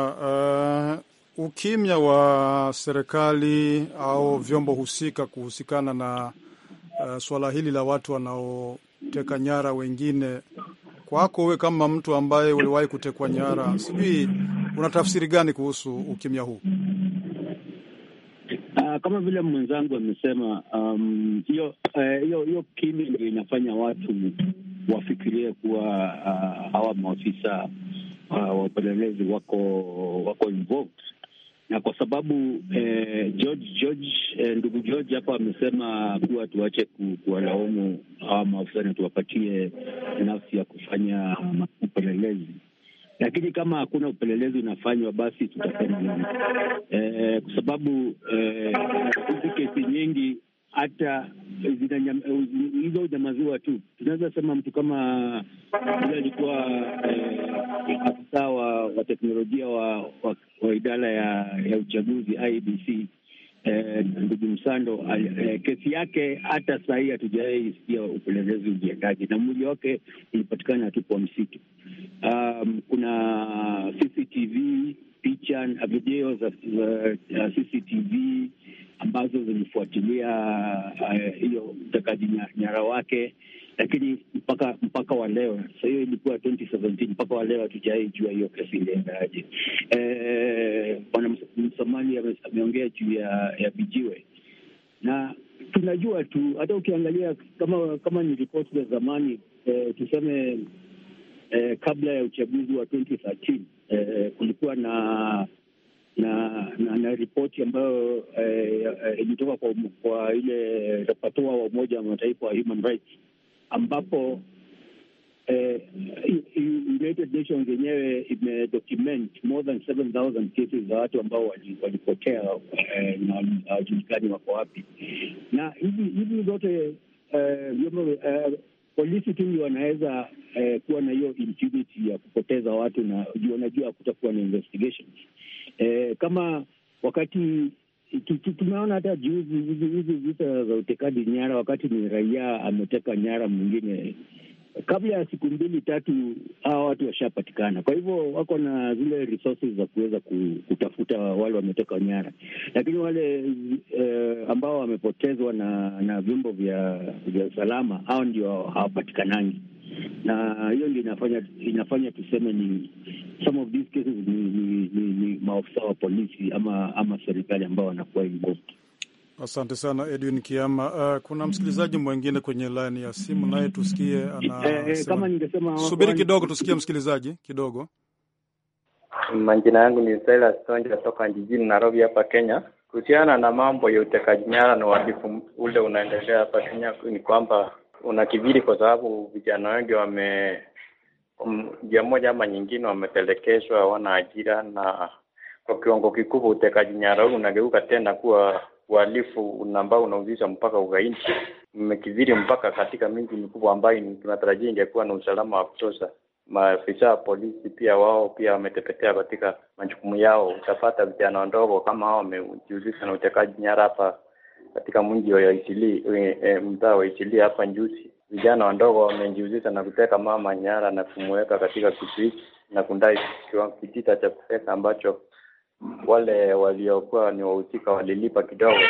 uh, ukimya wa serikali au vyombo husika kuhusikana na uh, suala hili la watu wanaoteka nyara wengine kwako wewe kama mtu ambaye uliwahi kutekwa nyara, sijui una tafsiri gani kuhusu ukimya huu? Ah, kama vile mwenzangu amesema, um, hiyo um, uh, kimi ndio inafanya watu wafikirie kuwa uh, hawa maafisa ah, wa uh, upelelezi wako wako involved na kwa sababu eh, George George eh, ndugu George hapa amesema kuwa tuache kuwalaumu hawa maafisa na tuwapatie nafsi ya kufanya upelelezi lakini kama hakuna upelelezi unafanywa, basi nini? eh, kwa sababu eh, hizi eh, kesi nyingi hata hizo unyamaziwa tu. Tunaweza sema mtu kama yule alikuwa eh, afisa wa, wa teknolojia wa, wa, wa idara ya, ya uchaguzi IBC Eh, ndugu eh, Msando eh, kesi yake hata saa hii isikia upelelezi ujiendaji, na mwili wake ulipatikana tu kwa msitu. Um, kuna CCTV picha na video za uh, CCTV ambazo zilifuatilia eh, hiyo uh, utekaji nyara wake lakini mpaka mpaka wa leo sa hiyo ilikuwa 2017 mpaka wa leo jua hiyo kesi iliendaje. Eh, Bwana Msomali ameongea juu ya ya vijiwe na tunajua tu, hata ukiangalia kama kama ni ripoti za zamani e, tuseme e, kabla ya uchaguzi wa 2013 eh, kulikuwa na na na, na ripoti ambayo ilitoka eh, kwa, kwa ile rapatoa wa Umoja wa Mataifa wa Human Rights ambapo eh, United Nations yenyewe imedocument more than 7000 cases za watu ambao walipotea eh, na hawajulikani wako wapi, na hivi hivi zote eh, vyombo eh, polisi tu wanaweza eh, kuwa na hiyo impunity ya kupoteza watu, na juu wanajua kutakuwa na investigations eh, kama wakati tumeona hata juzi hizi vita za utekaji nyara, wakati ni raia ameteka nyara mwingine, kabla ya siku mbili tatu hawa watu washapatikana. Kwa hivyo wako na zile resources za kuweza kutafuta wale wameteka nyara, lakini wale eh, ambao wamepotezwa na na vyombo vya vya usalama, hao ndio hawapatikanangi, na hiyo ndio inafanya inafanya tuseme ni some of these cases maofisa wa polisi ama ama serikali ambao wanakuwa involved. Asante sana Edwin Kiama. Uh, kuna msikilizaji mwengine kwenye laini ya simu, naye tusikie ana eh, eh, kama ningesema, subiri kidogo tusikie msikilizaji kidogo. Majina yangu ni Silas Tonja toka jijini Nairobi hapa Kenya. Kuhusiana na mambo ya utekaji nyara na uhalifu ule unaendelea hapa Kenya, ni kwamba una kibiri kwa sababu vijana wengi wame um, njia moja ama nyingine wamepelekeshwa, hawana ajira na kwa kiwango kikubwa utekaji nyara huu unageuka tena kuwa uhalifu ambao unahusisha mpaka ugaidi umekithiri mpaka katika miji mikubwa ambayo tunatarajia ingekuwa na usalama wa kutosha. Maafisa wa polisi pia wao pia wametepetea katika majukumu yao. Utapata vijana wadogo kama hao wamejihusisha na utekaji nyara hapa katika mji wa Itili, e, eh, eh, mtaa wa Itili hapa Njusi, vijana wadogo wamejihusisha na kuteka mama nyara na kumweka katika kizuizi na kundai kitita cha kuteka ambacho wale waliokuwa ni wahusika walilipa kidogo,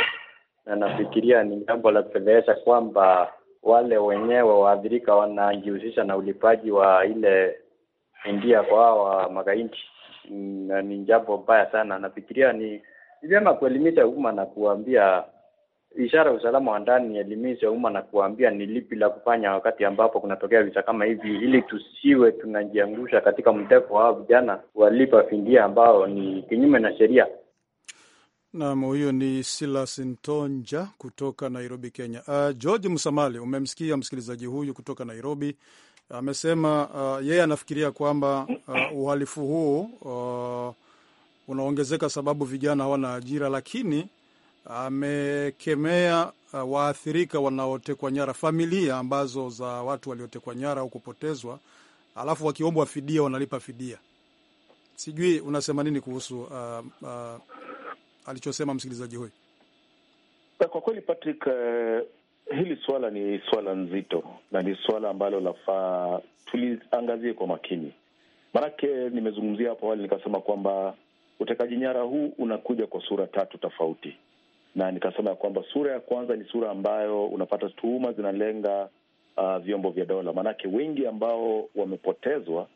na nafikiria ni jambo la kufedhehesha kwamba wale wenyewe waathirika wanajihusisha na ulipaji wa ile india kwa hawa magaidi, na ni jambo mbaya sana. Nafikiria ni ni vyema kuelimisha umma na kuambia Ishara ya usalama wa ndani elimisha umma na kuambia ni lipi la kufanya wakati ambapo kunatokea visa kama hivi, ili tusiwe tunajiangusha katika mtego wa vijana walipa fidia ambao ni kinyume na sheria. Nam, huyo ni Silas Ntonja kutoka Nairobi, Kenya. Uh, George Msamali, umemsikia msikilizaji huyu kutoka Nairobi amesema uh, uh, yeye anafikiria kwamba uh, uhalifu huu uh, unaongezeka sababu vijana hawana ajira, lakini amekemea uh, waathirika wanaotekwa nyara, familia ambazo za watu waliotekwa nyara au kupotezwa, alafu wakiombwa fidia wanalipa fidia. Sijui unasema nini kuhusu uh, uh, alichosema msikilizaji huyu? Kwa kweli Patrick, uh, hili swala ni swala nzito na ni swala ambalo lafaa tuliangazie kwa makini, maanake nimezungumzia hapo awali nikasema kwamba utekaji nyara huu unakuja kwa sura tatu tofauti na nikasema ya kwamba sura ya kwanza ni sura ambayo unapata tuhuma zinalenga uh, vyombo vya dola, maanake wengi ambao wamepotezwa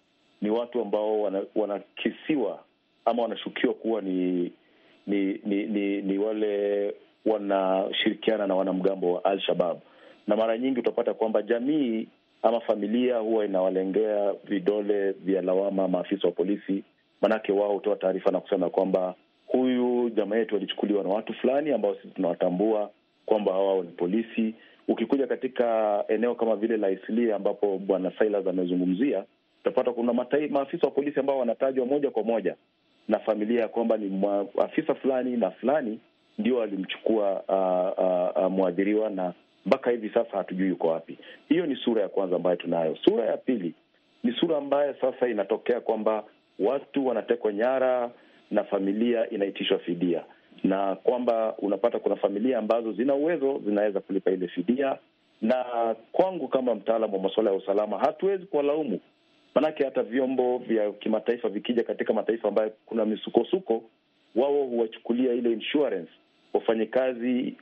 ni watu ambao wanakisiwa wana ama wanashukiwa kuwa ni ni, ni, ni, ni wale wanashirikiana na wanamgambo wa Al-Shabab, na mara nyingi utapata kwamba jamii ama familia huwa inawalengea vidole vya lawama maafisa wa polisi, maanake wao hutoa taarifa na kusema kwamba huyu jamaa yetu alichukuliwa na watu fulani ambao sisi tunawatambua kwamba wao ni polisi. Ukikuja katika eneo kama vile la Islia ambapo bwana Silas amezungumzia, utapata kuna maafisa wa polisi ambao wanatajwa moja kwa moja na familia ya kwamba ni afisa fulani na fulani ndio alimchukua mwadhiriwa, na mpaka hivi sasa hatujui yuko wapi. Hiyo ni sura ya kwanza ambayo tunayo. Sura ya pili ni sura ambayo sasa inatokea kwamba watu wanatekwa nyara na familia inaitishwa fidia, na kwamba unapata kuna familia ambazo zina uwezo zinaweza kulipa ile fidia. Na kwangu kama mtaalamu wa masuala ya usalama, hatuwezi kuwalaumu, maanake hata vyombo vya kimataifa vikija katika mataifa ambayo kuna misukosuko, wao huwachukulia ile insurance wafanyikazi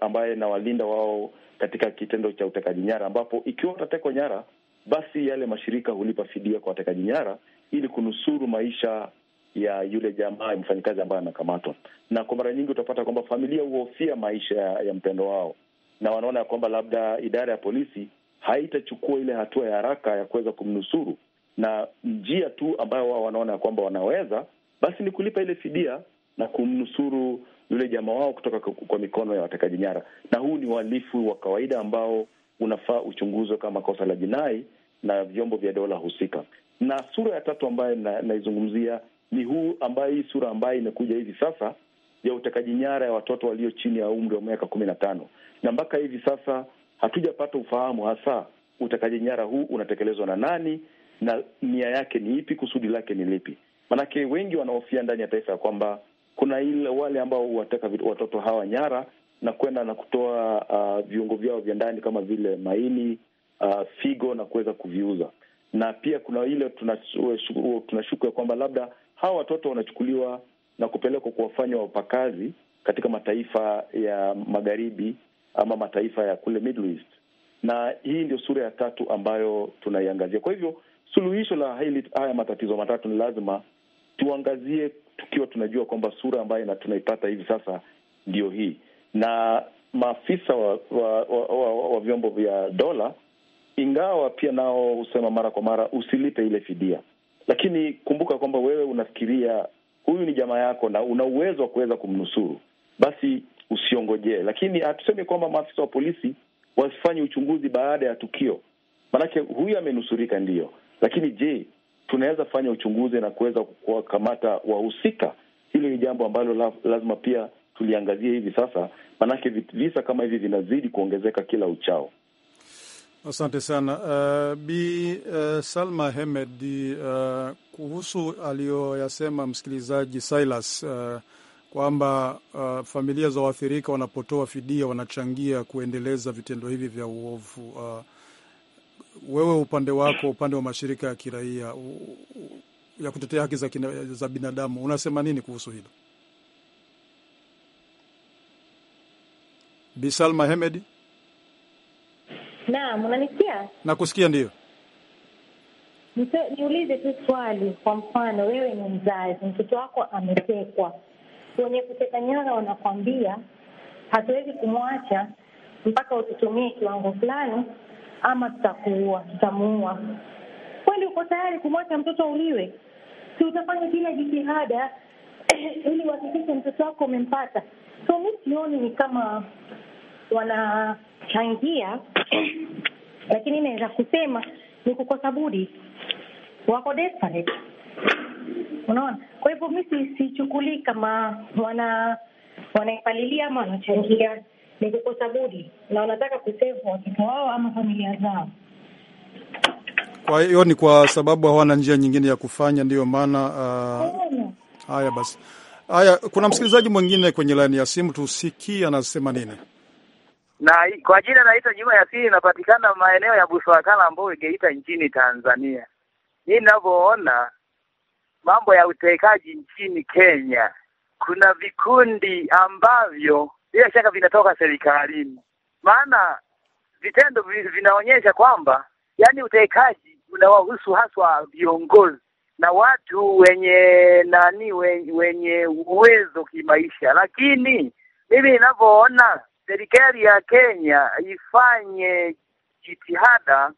ambaye nawalinda wao katika kitendo cha utekaji nyara, ambapo ikiwa watatekwa nyara, basi yale mashirika hulipa fidia kwa watekaji nyara ili kunusuru maisha ya yule jamaa mfanyakazi ambaye amekamatwa. Na kwa mara nyingi utapata kwamba familia huhofia maisha ya mpendo wao, na wanaona ya kwamba labda idara ya polisi haitachukua ile hatua ya haraka ya kuweza kumnusuru, na njia tu ambayo wao wanaona ya kwamba wanaweza basi ni kulipa ile fidia na kumnusuru yule jamaa wao kutoka kwa mikono ya watekaji nyara. Na huu ni uhalifu wa kawaida ambao unafaa uchunguzwe kama kosa la jinai na vyombo vya dola husika. Na sura ya tatu ambayo naizungumzia ni huu ambayo hii sura ambayo imekuja hivi sasa ya utekaji nyara ya watoto walio chini ya umri wa miaka kumi na tano na mpaka hivi sasa hatujapata ufahamu hasa utekaji nyara huu unatekelezwa na nani na nia yake ni ipi, kusudi lake ni lipi? Maanake wengi wanahofia ndani ya taifa ya kwamba kuna ile wale ambao huwateka watoto hawa nyara na kwenda na kutoa uh, viungo vyao vya ndani kama vile maini, uh, figo na kuweza kuviuza, na pia kuna ile tunashuku ya kwamba labda hawa watoto wanachukuliwa na kupelekwa kuwafanya wapakazi katika mataifa ya magharibi ama mataifa ya kule Middle East, na hii ndio sura ya tatu ambayo tunaiangazia. Kwa hivyo suluhisho la hili, haya matatizo matatu ni lazima tuangazie tukiwa tunajua kwamba sura ambayo tunaipata hivi sasa ndio hii, na maafisa wa, wa, wa, wa, wa vyombo vya dola, ingawa pia nao husema mara kwa mara usilipe ile fidia lakini kumbuka kwamba wewe unafikiria huyu ni jamaa yako na una uwezo wa kuweza kumnusuru, basi usiongojee. Lakini hatusemi kwamba maafisa wa polisi wasifanye uchunguzi baada ya tukio, maanake huyu amenusurika ndiyo, lakini je, tunaweza fanya uchunguzi na kuweza kuwakamata wahusika? Hilo ni jambo ambalo lazima pia tuliangazie hivi sasa, maanake visa kama hivi vinazidi kuongezeka kila uchao. Asante sana uh, Bi uh, Salma Hemed uh, kuhusu aliyoyasema msikilizaji Silas uh, kwamba uh, familia za waathirika wanapotoa fidia wanachangia kuendeleza vitendo hivi vya uovu. Uh, wewe upande wako, upande wa mashirika ya kiraia ya kutetea haki za, za binadamu unasema nini kuhusu hilo, Bi Salma Hemedi? Naam, unanisikia? Nakusikia ndiyo. Niulize tu swali. Kwa mfano, wewe ni mzazi, mtoto wako ametekwa, wenye kuteka nyara wanakwambia hatuwezi kumwacha mpaka ututumie kiwango fulani, ama tutakuua, tutamuua. Kweli uko tayari kumwacha mtoto auliwe? Si utafanya kila jitihada ili uhakikishe mtoto wako umempata? So mi sioni ni kama wana changia lakini naweza kusema ni kukosa budi, wako desperate, unaona. Kwa hivyo mi sichukulii kama wana wanaipalilia ama wanachangia, ni kukosa budi na wanataka kusevu watoto wao ama familia zao. Kwa hiyo ni kwa sababu hawana njia nyingine ya kufanya, ndiyo maana uh... haya basi. Haya, kuna msikilizaji mwingine kwenye laini ya simu, tusikie anasema nini na kwa jina naitwa Juma Yasini, inapatikana maeneo ya Buswakala, ambayo Geita nchini Tanzania. Hii ninavyoona mambo ya utekaji nchini Kenya, kuna vikundi ambavyo bila shaka vinatoka serikalini, maana vitendo vinaonyesha kwamba yani utekaji unawahusu haswa viongozi na watu wenye nani wenye uwezo kimaisha, lakini mimi ninavyoona serikali ya Kenya ifanye jitihada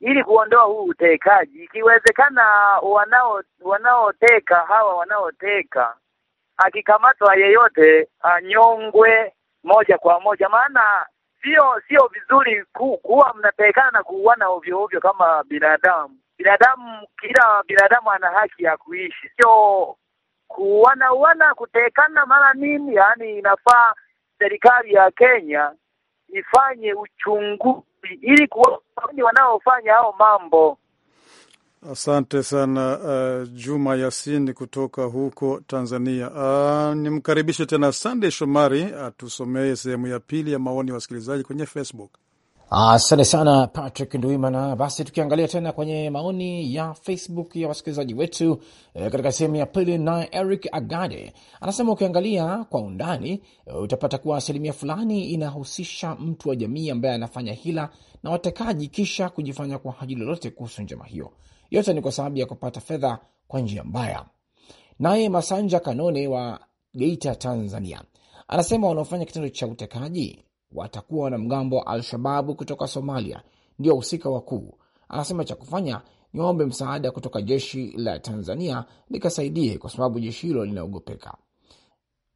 ili kuondoa huu utekaji. Ikiwezekana wanao wanaoteka hawa wanaoteka, akikamatwa yeyote anyongwe moja kwa moja, maana sio sio vizuri ku, kuwa mnatekana na kuuana ovyo ovyo kama binadamu. Binadamu, kila binadamu ana haki ya kuishi, sio kuuana uana kutekana mara nini. Yani inafaa serikali ya Kenya ifanye uchunguzi ili kuwaoni wanaofanya hao mambo. Asante sana uh, Juma Yasin kutoka huko Tanzania. Uh, nimkaribishe tena Sandey Shomari atusomee sehemu ya pili ya maoni ya wasikilizaji kwenye Facebook. Asante sana Patrick nduimana Basi tukiangalia tena kwenye maoni ya Facebook ya wasikilizaji wetu e, katika sehemu ya pili, naye Eric Agade anasema ukiangalia kwa undani e, utapata kuwa asilimia fulani inahusisha mtu wa jamii ambaye anafanya hila na watekaji, kisha kujifanya kwa haji lolote kuhusu njama hiyo. Yote ni kwa sababu ya kupata fedha kwa njia mbaya. Naye Masanja Kanone wa Geita, Tanzania, anasema wanaofanya kitendo cha utekaji watakuwa wanamgambo wa Al-Shababu kutoka Somalia ndio wahusika wakuu. Anasema cha kufanya ni waombe msaada kutoka jeshi la Tanzania likasaidie, kwa sababu jeshi hilo linaogopeka.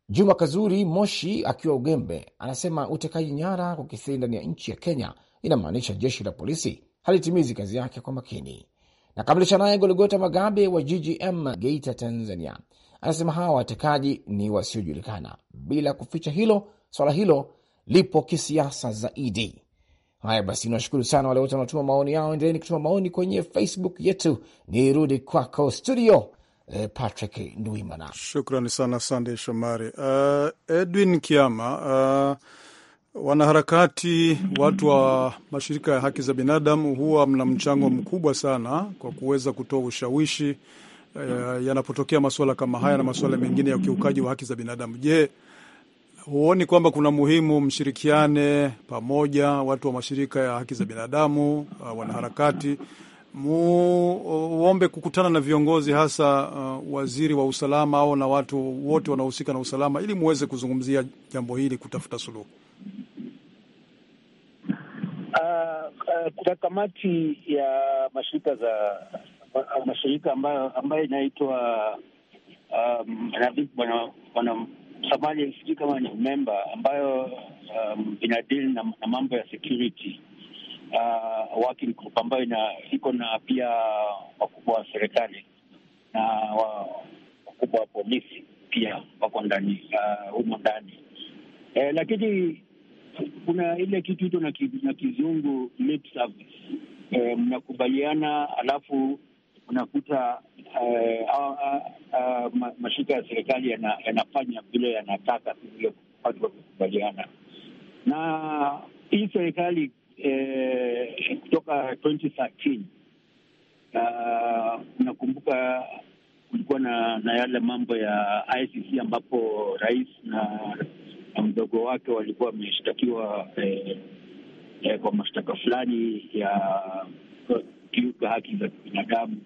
Juma Kazuri Moshi akiwa Ugembe anasema utekaji nyara kwa kithiri ndani ya nchi ya Kenya inamaanisha jeshi la polisi halitimizi kazi yake kwa makini. Nakamilisha naye Gologota Magabe wa GGM Geita, Tanzania, anasema hawa watekaji ni wasiojulikana. Bila kuficha hilo swala hilo lipo kisiasa zaidi. Haya basi, nashukuru sana wale wote wanaotuma maoni yao. Endeleni kutuma maoni kwenye Facebook yetu. Nirudi kwako studio, eh, Patrick Ndwimana. Shukrani sana Sandey Shomari. Uh, Edwin Kiama, uh, wanaharakati, watu wa mashirika ya haki za binadamu huwa mna mchango mkubwa sana kwa kuweza kutoa ushawishi uh, yanapotokea masuala kama haya na masuala mengine ya ukiukaji wa haki za binadamu. Je, huoni kwamba kuna muhimu mshirikiane pamoja, watu wa mashirika ya haki za binadamu, uh, wanaharakati muombe uh, kukutana na viongozi hasa uh, waziri wa usalama au na watu wote wanaohusika na usalama ili muweze kuzungumzia jambo hili kutafuta suluhu. Uh, kuna kamati ya mashirika za mashirika ambayo ambayo inaitwa um, bwana Somalia, sijui kama ni memba ambayo um, inadili na, na mambo ya security uh, working group ambayo ina, iko na pia wakubwa wa serikali na wakubwa wa polisi pia wako ndani uh, humo uh, ndani eh, lakini kuna ile kitu hito na, kizungu lip service eh, mnakubaliana alafu unakuta uh, uh, uh, ma, mashirika ya serikali yanafanya yana vile yanataka, vile watu wakukubaliana na hii serikali eh, kutoka 2013 uh, unakumbuka kulikuwa na, na yale mambo ya ICC ambapo rais na, na mdogo wake walikuwa wameshtakiwa eh, eh, kwa mashtaka fulani ya kiuka haki za kibinadamu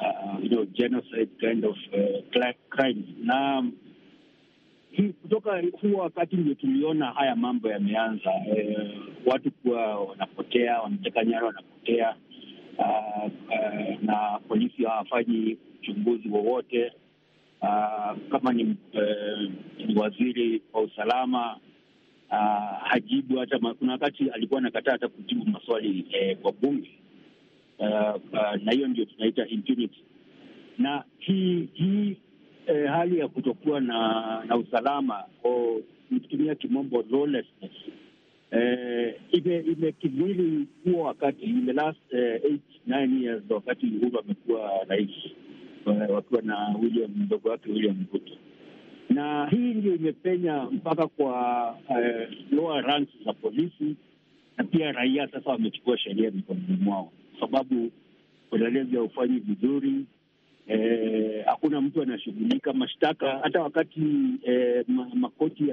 uh, you know, genocide kind of uh, crimes. Na kutoka huo wakati ndio tuliona haya mambo yameanza, uh, watu kuwa wanapotea, wanateka nyara, wanapotea uh, uh, na polisi hawafanyi uchunguzi wowote uh, kama ni, uh, ni waziri wa usalama uh, hajibu hata. Kuna wakati alikuwa anakataa hata kujibu maswali eh, kwa bunge uh, uh, na hiyo ndio tunaita impunity. Na hii hii eh, hali ya kutokuwa na na usalama o nikitumia kimombo lawlessness eh, ime huo wakati in the last eh, eight nine years, wakati Uhuru amekuwa rais eh, wakiwa na William mdogo wake William Ruto na hii ndio imepenya mpaka kwa eh, lower ranks za polisi na pia raia sasa wamechukua sheria mikononi mwao kwa sababu upelelezi haufanyi vizuri. E, hakuna e, mtu anashughulika mashtaka. Hata wakati e, makoti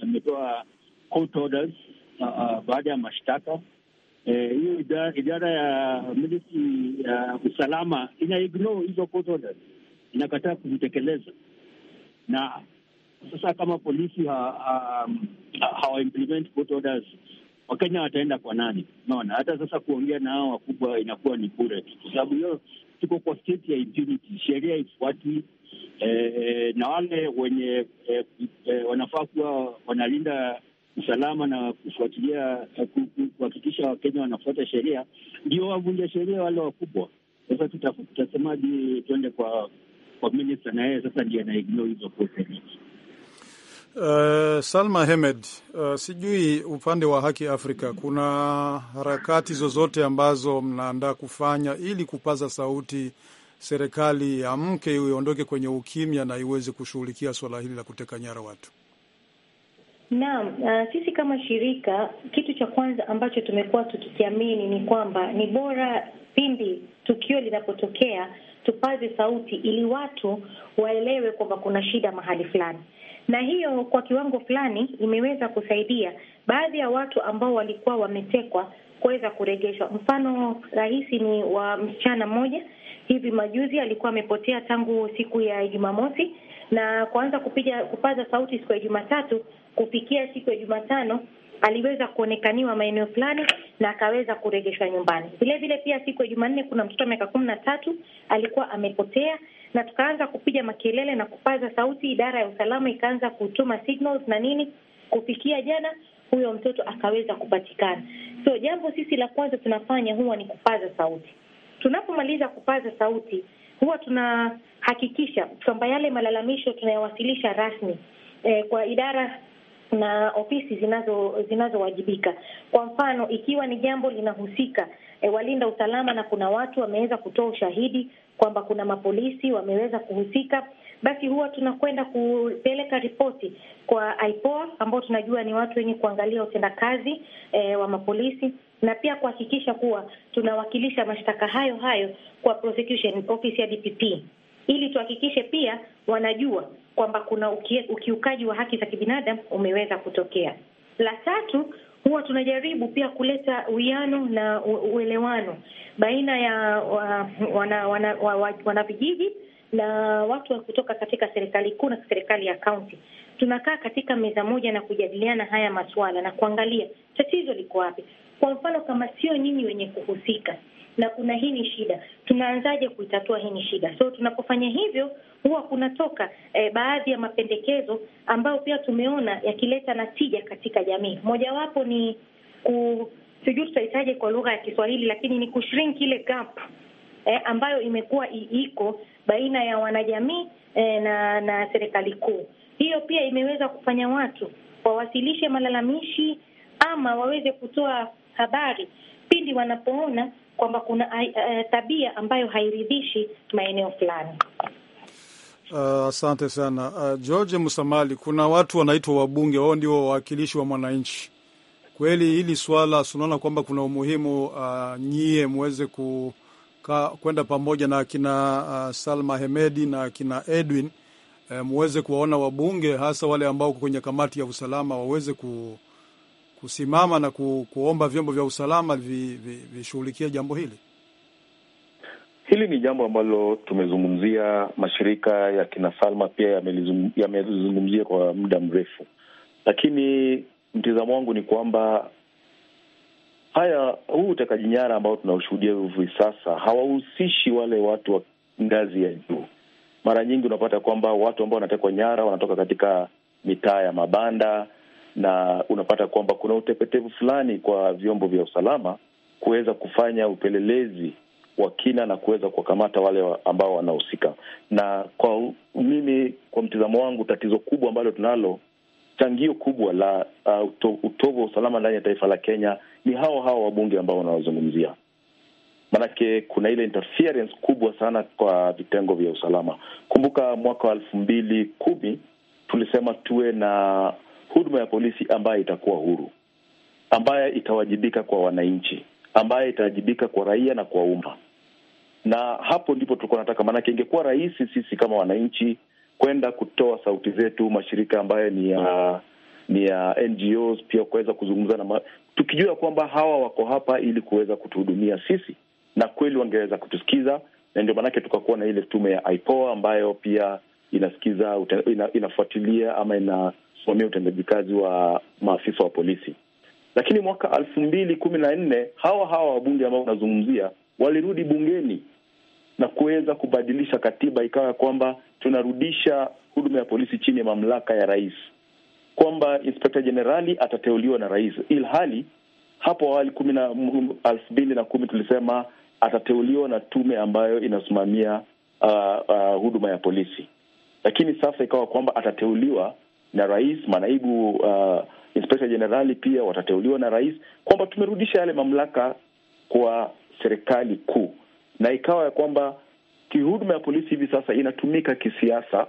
yametoa court orders baada ya mashtaka e, hiyo, e, idara ya ministry ya usalama ina ignore hizo court orders, inakataa kuzitekeleza na sasa kama polisi hawa ha, ha, ha, court orders Wakenya wataenda kwa nani? Unaona, hata sasa kuongea na hao wakubwa inakuwa ni bure tu, kwa sababu hiyo tuko kwa state ya impunity, sheria ifuati eh, na wale wenye eh, eh, wanafaa kuwa wanalinda usalama na kufuatilia eh, kuhakikisha Wakenya wanafuata sheria ndio wavunja sheria wale wakubwa. Sasa tutasemaje? Tuende kwa kwa minista na yeye sasa ndio anaignore hizo Uh, Salma Hemed, uh, sijui upande wa Haki Afrika kuna harakati zozote ambazo mnaandaa kufanya ili kupaza sauti serikali ya mke iondoke kwenye ukimya na iweze kushughulikia suala hili la kuteka nyara watu? Naam, uh, sisi kama shirika, kitu cha kwanza ambacho tumekuwa tukikiamini ni kwamba ni bora pindi tukio linapotokea tupaze sauti ili watu waelewe kwamba kuna shida mahali fulani na hiyo kwa kiwango fulani imeweza kusaidia baadhi ya watu ambao walikuwa wametekwa kuweza kurejeshwa. Mfano rahisi ni wa msichana mmoja hivi majuzi alikuwa amepotea tangu siku ya Jumamosi na kuanza kupiga kupaza sauti siku ya Jumatatu, kufikia siku ya Jumatano aliweza kuonekaniwa maeneo fulani na akaweza kurejeshwa nyumbani. Vilevile pia siku ya Jumanne kuna mtoto wa miaka kumi na tatu alikuwa amepotea na tukaanza kupiga makelele na kupaza sauti. Idara ya usalama ikaanza kutuma signals na nini, kufikia jana huyo mtoto akaweza kupatikana. So jambo sisi la kwanza tunafanya huwa ni kupaza sauti. Tunapomaliza kupaza sauti, huwa tunahakikisha kwamba yale malalamisho tunayawasilisha rasmi eh, kwa idara na ofisi zinazo zinazowajibika. Kwa mfano, ikiwa ni jambo linahusika e, walinda usalama na kuna watu wameweza kutoa ushahidi kwamba kuna mapolisi wameweza kuhusika, basi huwa tunakwenda kupeleka ripoti kwa IPOA ambao tunajua ni watu wenye kuangalia utendakazi e, wa mapolisi na pia kuhakikisha kuwa tunawakilisha mashtaka hayo hayo kwa prosecution office ya DPP ili tuhakikishe pia wanajua kwamba kuna ukiukaji wa haki za kibinadamu umeweza kutokea. La tatu huwa tunajaribu pia kuleta uwiano na uelewano baina ya wana, wana, wana, wana na watu kutoka katika serikali kuu na serikali ya kaunti. Tunakaa katika meza moja na kujadiliana haya masuala na kuangalia tatizo liko wapi. Kwa mfano, kama sio nyinyi wenye kuhusika na kuna hii ni shida, tunaanzaje kuitatua hii ni shida? So tunapofanya hivyo huwa kunatoka eh, baadhi ya mapendekezo ambayo pia tumeona yakileta natija katika jamii. Mojawapo ni ku, sijui tutahitaji kwa lugha ya Kiswahili, lakini ni kushrink ile gap eh, ambayo imekuwa iko baina ya wanajamii eh, na na serikali kuu. Hiyo pia imeweza kufanya watu wawasilishe malalamishi ama waweze kutoa habari pindi wanapoona kwamba kuna uh, tabia ambayo hairidhishi maeneo fulani. Uh, asante sana uh, George Musamali. Kuna watu wanaitwa wabunge, wao ndio wawakilishi wa mwananchi. Kweli hili swala sunaona kwamba kuna umuhimu uh, nyie mweze kwenda pamoja na akina uh, Salma Hemedi na akina Edwin uh, eh, mweze kuwaona wabunge, hasa wale ambao kwenye kamati ya usalama waweze ku, kusimama na ku, kuomba vyombo vya usalama vishughulikie vi, vi jambo hili. Hili ni jambo ambalo tumezungumzia, mashirika ya kina Salma pia yamelizungumzia kwa muda mrefu, lakini mtizamo wangu ni kwamba haya, huu utekaji nyara ambao tunaoshuhudia hivi sasa hawahusishi wale watu wa ngazi ya juu. Mara nyingi unapata kwamba watu ambao wanatekwa nyara wanatoka katika mitaa ya mabanda, na unapata kwamba kuna utepetevu fulani kwa vyombo vya usalama kuweza kufanya upelelezi wa kina na kuweza kuwakamata wale wa ambao wanahusika. Na kwa mimi, kwa mtizamo wangu, tatizo kubwa ambalo tunalo, changio kubwa la uh, utovu wa usalama ndani ya taifa la Kenya ni hao hao wabunge ambao wanawazungumzia Manake kuna ile interference kubwa sana kwa vitengo vya usalama. Kumbuka mwaka wa elfu mbili kumi tulisema tuwe na huduma ya polisi ambayo itakuwa huru, ambayo itawajibika kwa wananchi, ambayo itawajibika kwa raia na kwa umma na hapo ndipo tulikuwa nataka, maanake ingekuwa rahisi sisi kama wananchi kwenda kutoa sauti zetu, mashirika ambayo ni ya ni ya NGOs pia kuweza kuzungumza na ma... tukijua kwamba hawa wako hapa ili kuweza kutuhudumia sisi, na kweli wangeweza kutusikiza, na ndio maanake tukakuwa na ile tume ya IPOA ambayo pia inasikiza ina, inafuatilia ama inasimamia utendaji kazi wa maafisa wa polisi. Lakini mwaka elfu mbili kumi na nne hawa hawa wabunge ambao unazungumzia walirudi bungeni na kuweza kubadilisha katiba ikawa kwamba tunarudisha huduma ya polisi chini ya mamlaka ya rais, kwamba inspekta jenerali atateuliwa na rais, ilhali hapo awali kumi na elfu mbili na kumi tulisema atateuliwa na tume ambayo inasimamia uh, uh, huduma ya polisi, lakini sasa ikawa kwamba atateuliwa na rais. Manaibu uh, inspekta jenerali pia watateuliwa na rais, kwamba tumerudisha yale mamlaka kwa serikali kuu na ikawa ya kwamba kihuduma ya polisi hivi sasa inatumika kisiasa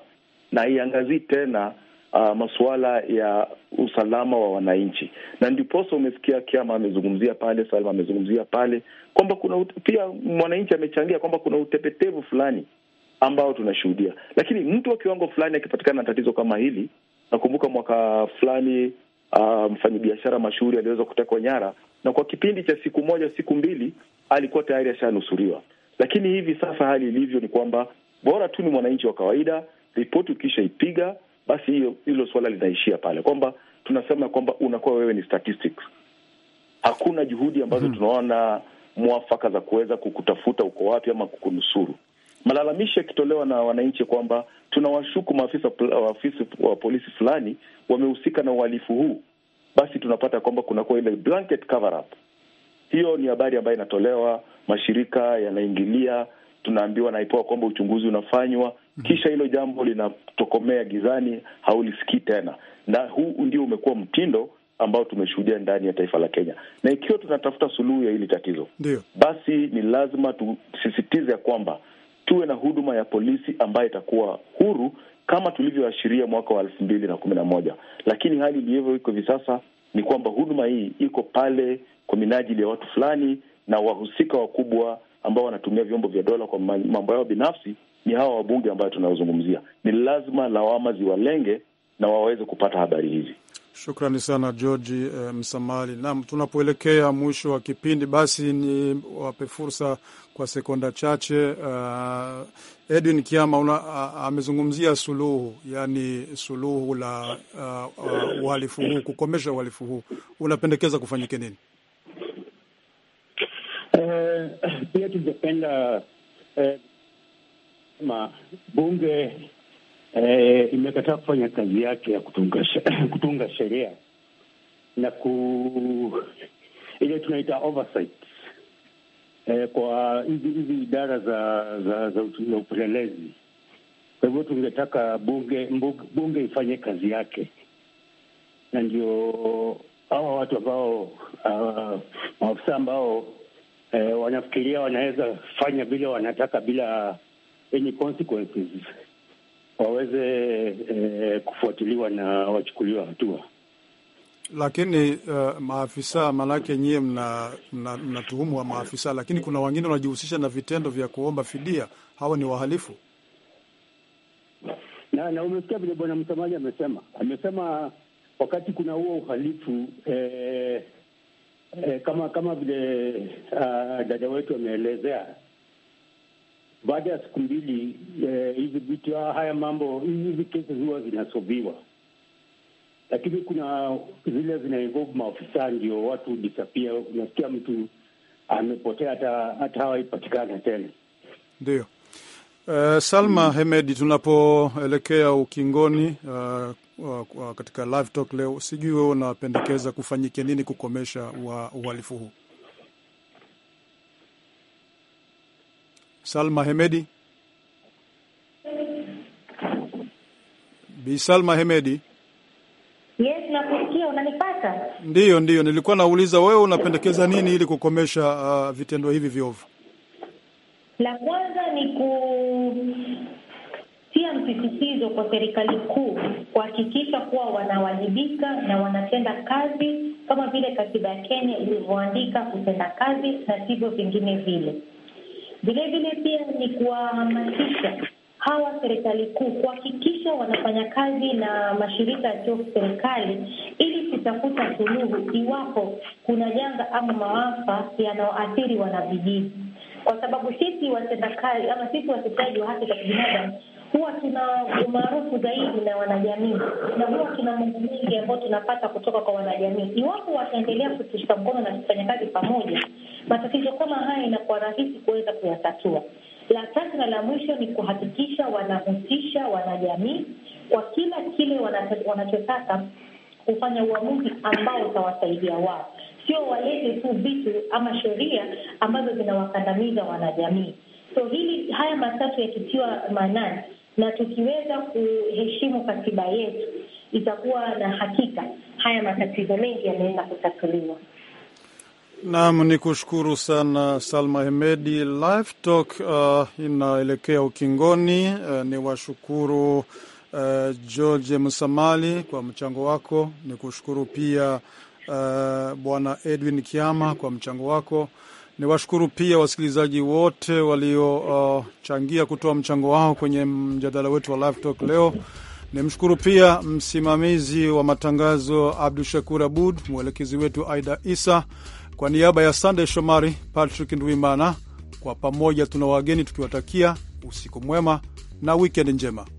na haiangazii tena uh, masuala ya usalama wa wananchi, na ndiposa umesikia Kiama amezungumzia pale, Salma amezungumzia pale kwamba kuna pia mwananchi amechangia kwamba kuna utepetevu fulani ambao tunashuhudia, lakini mtu wa kiwango fulani akipatikana na tatizo kama hili, nakumbuka mwaka fulani uh, mfanyabiashara mashuhuri aliweza kutekwa nyara, na kwa kipindi cha siku moja siku mbili alikuwa tayari ashanusuriwa. Lakini hivi sasa hali ilivyo ni kwamba bora tu ni mwananchi wa kawaida, ripoti ukishaipiga basi hiyo hilo suala linaishia pale, kwamba tunasema kwamba unakuwa wewe ni statistics. Hakuna juhudi ambazo hmm, tunaona mwafaka za kuweza kukutafuta uko wapi ama kukunusuru. Malalamishi yakitolewa na wananchi kwamba tunawashuku maafisa wa polisi fulani wamehusika na uhalifu huu, basi tunapata kwamba kunakuwa ile blanket cover up. Hiyo ni habari ambayo inatolewa, mashirika yanaingilia, tunaambiwa naipoa kwamba uchunguzi unafanywa, kisha hilo jambo linatokomea gizani, haulisikii tena, na huu ndio umekuwa mtindo ambao tumeshuhudia ndani ya taifa la Kenya. Na ikiwa tunatafuta suluhu ya hili tatizo, ndio basi ni lazima tusisitize ya kwamba tuwe na huduma ya polisi ambayo itakuwa huru kama tulivyoashiria mwaka wa elfu mbili na kumi na moja, lakini hali ilivyo iko hivi sasa ni kwamba huduma hii iko pale kwa minajili ya watu fulani, na wahusika wakubwa ambao wanatumia vyombo vya dola kwa mambo yao binafsi ni hawa wabunge ambayo tunaozungumzia Ni lazima lawama ziwalenge na waweze kupata habari hizi. Shukrani sana Georgi e, eh, Msamali. Naam, tunapoelekea mwisho wa kipindi, basi ni wape fursa kwa sekonda chache uh, Edwin Kiama una, uh, amezungumzia suluhu, yani suluhu la uhalifu uh, huu, kukomesha uhalifu huu, unapendekeza kufanyike nini? Eh, pia uh, tungependa uh, bunge Eh, imekataa kufanya kazi yake ya kutunga, kutunga sheria na ku ile tunaita oversight eh, kwa hizi idara za za, za, za upelelezi. Kwa hivyo tungetaka bunge bunge ifanye kazi yake, na ndio hawa watu ambao uh, maafisa ambao eh, wanafikiria wanaweza fanya vile wanataka bila any consequences waweze eh, kufuatiliwa na wachukuliwa hatua. Lakini uh, maafisa manake nyie mnatuhumu mna, wa maafisa, lakini kuna wengine wanajihusisha na vitendo vya kuomba fidia. Hawa ni wahalifu na, na umesikia vile bwana msemaji amesema amesema wakati kuna huo uhalifu eh, eh, kama kama vile uh, dada wetu ameelezea baada ya siku mbili eh, hivi vitu haya mambo hizi kesi huwa zinasobiwa, lakini kuna zile zinainvolve maofisa ndio watu disapia. Unasikia mtu amepotea hata hata hawaipatikana tena. Ndio uh, Salma Hemedi, tunapoelekea ukingoni uh, katika live talk leo, sijui wewe unapendekeza kufanyike nini kukomesha uhalifu huu? Salma Hemedi. Bi Salma Hemedi. Yes, nakusikia, unanipata? Ndiyo, ndiyo, nilikuwa nauliza wewe unapendekeza nini ili kukomesha uh, vitendo hivi viovu? La kwanza ni kutia msisitizo kwa serikali kuu kuhakikisha kuwa wanawajibika na wanatenda kazi kama vile katiba ya Kenya ilivyoandika kutenda kazi na sivyo vingine vile. Vilevile pia ni kuwahamasisha hawa serikali kuu kuhakikisha wanafanya kazi na mashirika yasiyo serikali ili kutafuta suluhu iwapo kuna janga ama maafa yanayoathiri wanavijiji, kwa sababu sisi watendakazi ama sisi watetaji wa haki za kibinadamu huwa tuna umaarufu zaidi na wanajamii na huwa tuna mambo mengi ambayo tunapata kutoka kwa wanajamii. Iwapo wataendelea kutushika mkono na kufanya kazi pamoja, matatizo kama haya inakuwa rahisi kuweza kuyatatua. La tatu na la mwisho ni kuhakikisha wanahusisha wanajamii kwa kila kile wanachotaka kufanya uamuzi ambao utawasaidia wao, sio walete tu vitu ama sheria ambazo zinawakandamiza wanajamii. So hili haya matatu yakitiwa maanani na tukiweza kuheshimu katiba yetu, itakuwa na hakika haya matatizo mengi yanaweza kutatuliwa. Naam, ni kushukuru sana Salma Hemedi. Live Talk uh, inaelekea ukingoni. Uh, ni washukuru uh, George Msamali kwa mchango wako. Ni kushukuru pia uh, Bwana Edwin Kiama kwa mchango wako. Ni washukuru pia wasikilizaji wote waliochangia uh, kutoa mchango wao kwenye mjadala wetu wa Live Talk leo. Nimshukuru pia msimamizi wa matangazo Abdu Shakur Abud, mwelekezi wetu Aida Isa. Kwa niaba ya Sandey Shomari, Patrick Ndwimana, kwa pamoja tuna wageni tukiwatakia usiku mwema na wikendi njema.